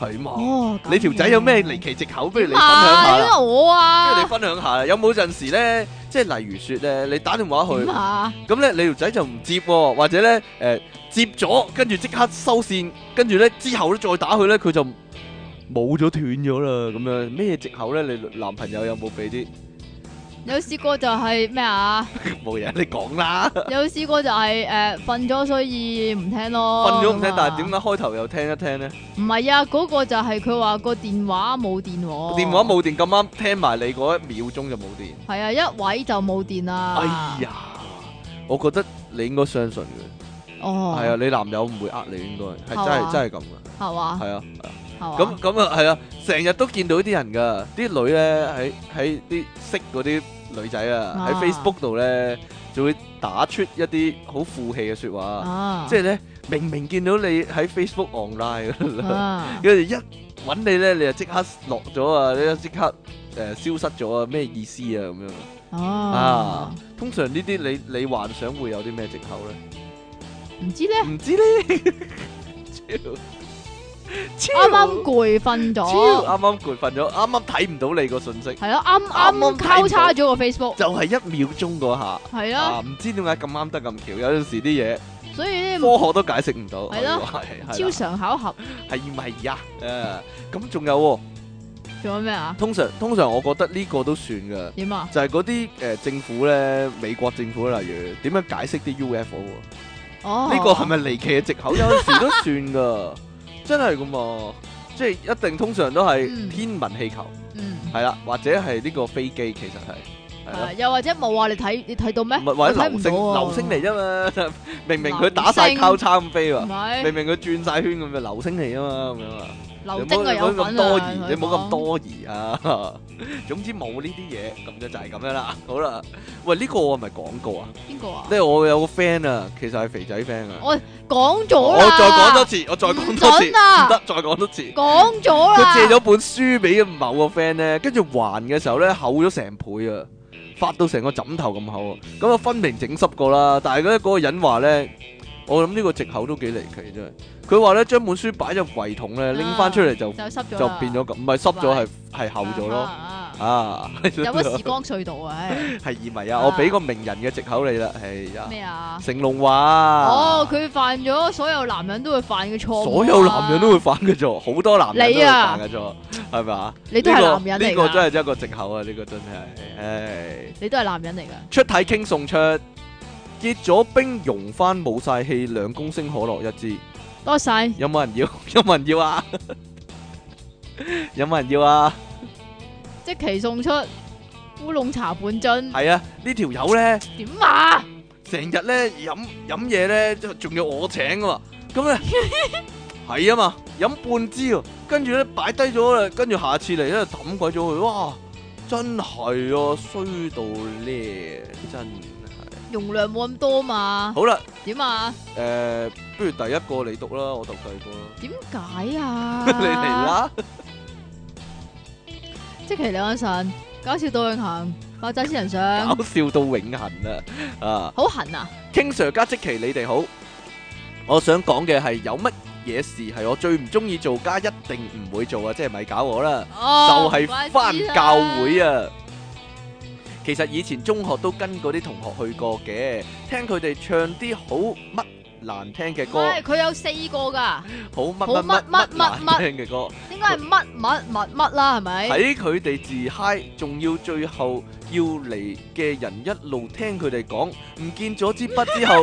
係嘛？哦、你條仔有咩離奇藉口？啊、不如你分享下啦。我啊，不如你分享下。有冇陣時咧，即係例如説咧，你打電話去，咁咧、啊、你條仔就唔接，或者咧誒、呃、接咗，跟住即刻收線，跟住咧之後咧再打佢咧，佢就冇咗斷咗啦。咁樣咩藉口咧？你男朋友有冇俾啲？有試過就係咩啊？冇嘢，你講啦。有試過就係誒，瞓咗所以唔聽咯。瞓咗唔聽，但係點解開頭又聽一聽咧？唔係啊，嗰個就係佢話個電話冇電。電話冇電咁啱聽埋你嗰一秒鐘就冇電。係啊，一位就冇電啦。哎呀，我覺得你應該相信佢。哦，係啊，你男友唔會呃你，應該係真係真係咁㗎。係嘛？係啊。咁咁啊，係啊，成日都見到啲人㗎，啲女咧喺喺啲識嗰啲女仔啊，喺 Facebook 度咧就會打出一啲好負氣嘅説話，即係咧明明見到你喺 Facebook online，跟住、啊、 [LAUGHS] 一揾你咧，你就即刻落咗啊，你即刻誒、呃、消失咗啊，咩意思啊咁樣啊，啊？通常呢啲你你幻想會有啲咩藉口咧？唔知咧，唔知咧。 [LAUGHS] 笑啱啱攰瞓咗，啱啱攰瞓咗，啱啱睇唔到你個信息，係咯，啱啱交叉咗個 Facebook，就係一秒鐘嗰下，係咯，唔知點解咁啱得咁巧，有陣時啲嘢，所以科學都解釋唔到，係咯，超常巧合，係咪呀？誒，咁仲有，仲有咩啊？通常通常，我覺得呢個都算噶，點啊？就係嗰啲誒政府咧，美國政府例如點樣解釋啲 UFO？哦，呢個係咪離奇嘅借口？有陣時都算噶。真係咁喎，嗯、即係一定通常都係天文氣球，係啦、嗯，或者係呢個飛機其實係。又或者冇話你睇，你睇到咩？或者流星流星嚟啫嘛， [LAUGHS] 明明佢打晒交叉咁飛喎，是明明佢轉晒圈咁嘅流星嚟啊嘛，咁樣啊，流星咁多疑，啊、你冇咁、啊、多疑啊！說 [LAUGHS] 總之冇呢啲嘢，咁就就係咁樣啦。好啦，喂，呢個我係咪講過啊？邊個啊？即係我有個 friend 啊，其實係肥仔 friend 啊。我講咗啦。我再講多次，我再講多次，唔得，再講多次。講咗啦。佢借咗本書俾個某個 friend 咧，跟住還嘅時候咧，厚咗成倍啊，發到成個枕頭咁厚啊。咁啊，分明整濕過啦，但係咧嗰個人話咧。我諗呢個藉口都幾離奇，真係。佢話咧將本書擺入櫃桶咧，拎翻出嚟就就變咗咁，唔係濕咗係係厚咗咯。啊，有乜時光隧道啊？係二迷啊！我俾個名人嘅藉口你啦，係啊。咩啊？成龍話哦，佢犯咗所有男人都會犯嘅錯。所有男人都會犯嘅錯，好多男人都會犯嘅錯，係咪啊？你都係男人嚟。呢個真係一個藉口啊！呢個真係，唉。你都係男人嚟噶。出體傾送出。結咗冰融翻冇晒氣，兩公升可樂一支，多晒謝！有冇人要？ [LAUGHS] 有冇人要啊？有冇人要啊？即期送出烏龍茶半樽。係啊，這個、呢條友咧點啊？成日咧飲飲嘢咧，即仲要我請噶嘛？咁咧係啊嘛，飲半支，跟住咧擺低咗啦，跟住下,下次嚟咧抌鬼咗佢。哇，真係啊，衰到咧真。容量冇咁多嘛？好啦，點啊？誒，不如第一個你讀啦，我讀第二個啦。點解啊？你嚟啦！積淇離岸神，搞笑到永恒，爆炸先人上，搞笑到永恒啊！啊，好痕啊！King Sir 加積淇，你哋好。我想講嘅係有乜嘢事係我最唔中意做加一定唔會做啊！即係咪搞我啦？就係返教會啊！其實以前中學都跟嗰啲同學去過嘅，聽佢哋唱啲好乜難聽嘅歌。佢有四個㗎，好乜乜乜乜乜難聽嘅歌。應該係乜乜乜乜啦，係咪？睇佢哋自 high，仲要最後要嚟嘅人一路聽佢哋講，唔見咗支筆之後，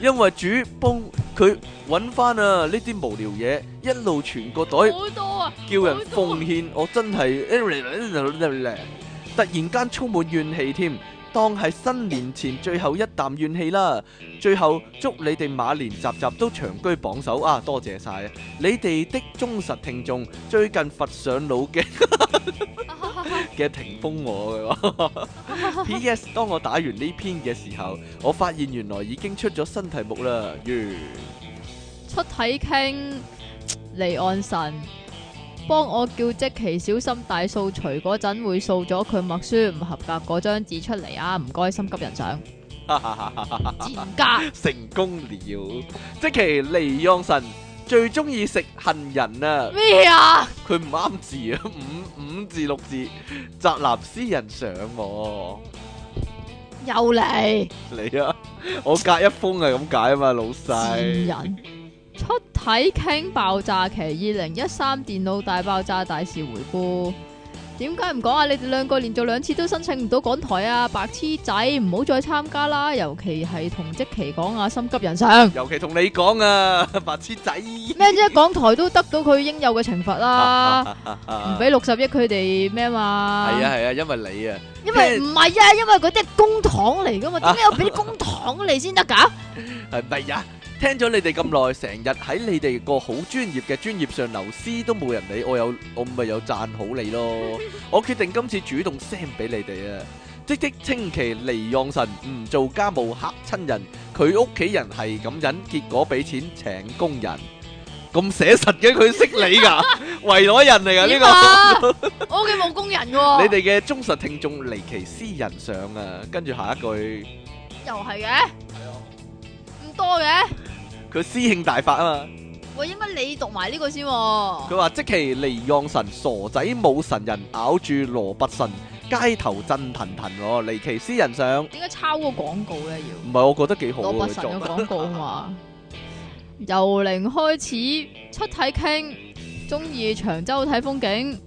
因為主幫佢揾翻啊呢啲無聊嘢，一路傳個袋，好多啊，叫人奉獻，我真係。突然間充滿怨氣添，當係新年前最後一啖怨氣啦。最後祝你哋馬年集集都長居榜首啊！多謝晒你哋的忠實聽眾。最近佛上腦嘅嘅霆鋒我 [LAUGHS] PS，當我打完呢篇嘅時候，我發現原來已經出咗新題目啦。完。出體 king，離岸神。幫我叫積淇小心大掃除嗰陣會掃咗佢默書唔合格嗰張紙出嚟啊！唔該心急人上，專家 [LAUGHS] 成功了。積 [LAUGHS] 淇離岸神最中意食杏仁啊！咩啊？佢唔啱字啊，五五字六字宅男詩人上，又嚟來嚟啊！我隔一封係咁解啊嘛， [LAUGHS] 老細闆。出體傾爆炸期，二零一三電腦大爆炸大事回顧。點解唔講啊？你哋兩個連續兩次都申請唔到港台啊，白痴仔，唔好再參加啦。尤其係同積淇講啊，心急人上。尤其同你講啊，白痴仔。咩啫？港台都得到佢應有嘅懲罰啦，唔俾六十億佢哋咩嘛？係啊係啊，因為你啊，因為唔係啊，因為嗰啲公帑嚟噶嘛，點解要俾公帑嚟先得噶？係咪呀？聽咗你哋咁耐，成日喺你哋個好專業嘅專業上流師都冇人理，我有我咪有讚好你咯。我決定今次主動 send 俾你哋啊！即即積淇離岸神，唔做家務吓親人。佢屋企人係咁忍，結果俾錢請工人，咁寫實嘅佢識你噶，圍攞人嚟噶呢個，我屋企冇工人喎。你哋嘅忠實聽眾離奇私人相啊，跟住下一句又係嘅，唔多嘅。佢詩興大發啊嘛！喂，應該你讀埋呢個先、哦。佢話說：積淇離岸神，傻仔冇神人咬住羅拔神，街頭震騰騰喎！離奇詩人上，點解抄個廣告咧？要？唔係，我覺得幾好羅拔神嘅廣告嘛。 [LAUGHS] 由零開始出體 king，中意長洲睇風景，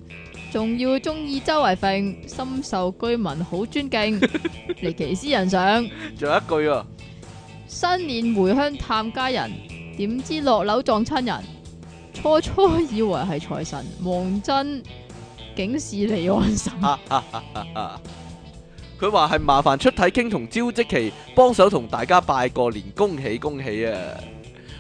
仲要中意周圍揈，深受居民好尊敬。離奇詩人上，仲 [LAUGHS] 有一句啊！新年回鄉探家人，點知落樓撞親人，初初以為係財神王真，竟 [LAUGHS] 是離岸神。佢話係麻煩出體 King 同招積淇，幫手同大家拜個年，恭喜恭喜啊！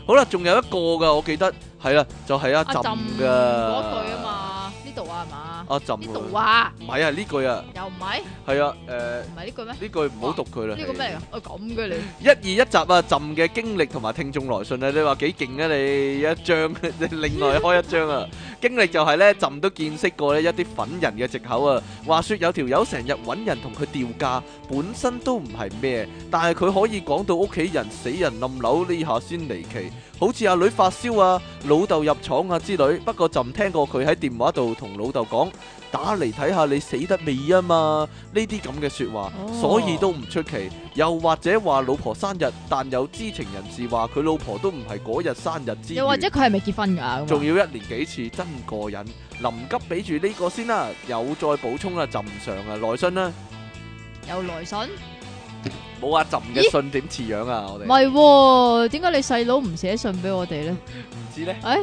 好啦，仲有一個噶，我記得係啦，就係阿朕噶嗰句啊嘛，呢度啊嘛。啊！朕啲讀下，唔係啊呢句啊，又唔係，係啊誒，唔係呢句咩？呢句唔好讀佢啦。呢個咩嚟噶？哦咁嘅嚟。一二一集啊！朕嘅經歷同埋聽眾來信咧，你話幾勁啊你一張，你另外開一張啊！經歷就係咧，朕都見識過咧一啲粉人嘅藉口啊。話說有條友成日揾人同佢調假，本身都唔係咩，但係佢可以講到屋企人死人冧樓呢下先離奇，好似阿女發燒啊、老豆入廠啊之類。不過朕聽過佢喺電話度同老豆講。打嚟睇下你死得未啊嘛？呢啲咁嘅說話，所以都唔出奇。又或者話老婆生日，但有知情人士話佢老婆都唔係嗰日生日之。又或者佢係咪結婚噶？仲要一年幾次，真過癮。臨急俾住呢個先啦，有再補充啊？朕上啊，來信啦。有來信？冇啊！朕嘅信點似樣啊？我哋唔係，點解你細佬唔寫信俾我哋呢？唔知呢。哎，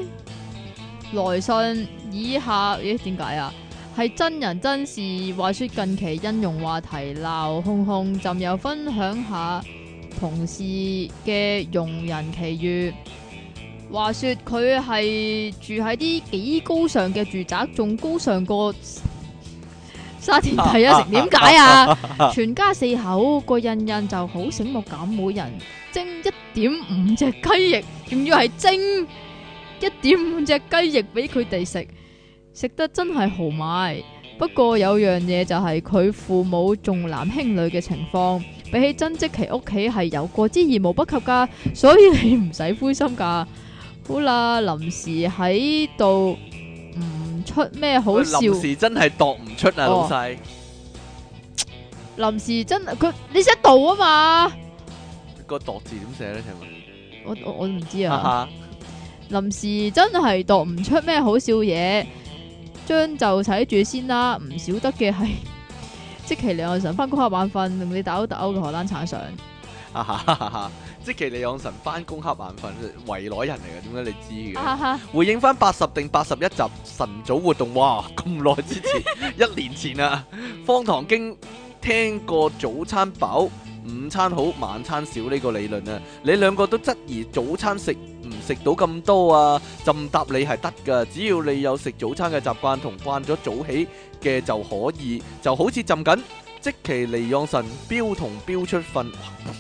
來信以下，咦？點解啊？係真人真事，話說近期印傭話題鬧轟轟，朕又分享下同事嘅傭人奇遇。話說佢係住喺啲幾高尚嘅住宅，仲高尚過沙田第一城。點解啊？ [LAUGHS] 全家四口個印印就好醒目，咁每人蒸一點五隻雞翼，仲要係蒸一點五隻雞翼俾佢哋食。食得真係豪邁，不過有樣嘢就係佢父母重男輕女嘅情況，比起曾積淇屋企係有過之而無不及噶，所以你唔使灰心噶。好啦，臨時喺度唔出咩好笑事，時真係度唔出啊老細。臨、哦、 [COUGHS] 時真佢你識度啊嘛？個度字點寫咧？請問。我我我唔知啊。臨哈時真係度唔出咩好笑嘢。將就睇住先啦，唔少得嘅係積淇離岸神翻工黑眼瞓，同你打歐打歐嘅荷蘭橙相。啊哈哈哈！積淇離岸神翻工黑眼瞓，圍內人嚟嘅，點解你知嘅？回應翻八十定八十一集晨早活動，哇！咁耐之前， [LAUGHS] 一年前啊，方唐經聽過早餐飽。午餐好，晚餐少呢個理論啊！你兩個都質疑早餐食唔食到咁多啊？浸答你係得㗎，只要你有食早餐嘅習慣同慣咗早起嘅就可以，就好似浸緊積淇離岸神飚同飚出分，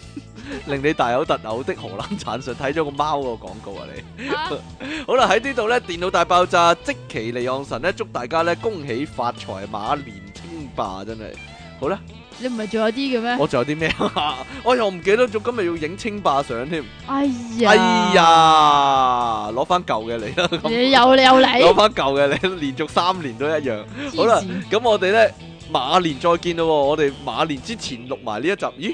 [LAUGHS] 令你大有特有的荷蘭橙。上睇咗個貓個廣告啊你！你 [LAUGHS] 好啦，喺呢度呢電腦大爆炸，積淇離岸神呢。祝大家呢恭喜發財馬年稱霸，真係好啦。你唔係仲有啲嘅咩？我仲有啲咩？我又唔記得咗，今日要影清霸相添。哎呀！哎呀！攞翻舊嘅嚟啦！你有你有你。攞翻舊嘅嚟，連續三年都一樣。好啦，咁我哋咧馬年再見啦！我哋馬年之前錄埋呢一集。咦？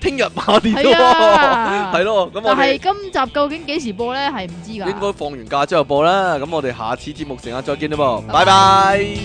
聽日馬年都係咯。但係今集究竟幾時播咧？係唔知噶。應該放完假之後播啦。咁我哋下次節目時間再見啦！拜拜。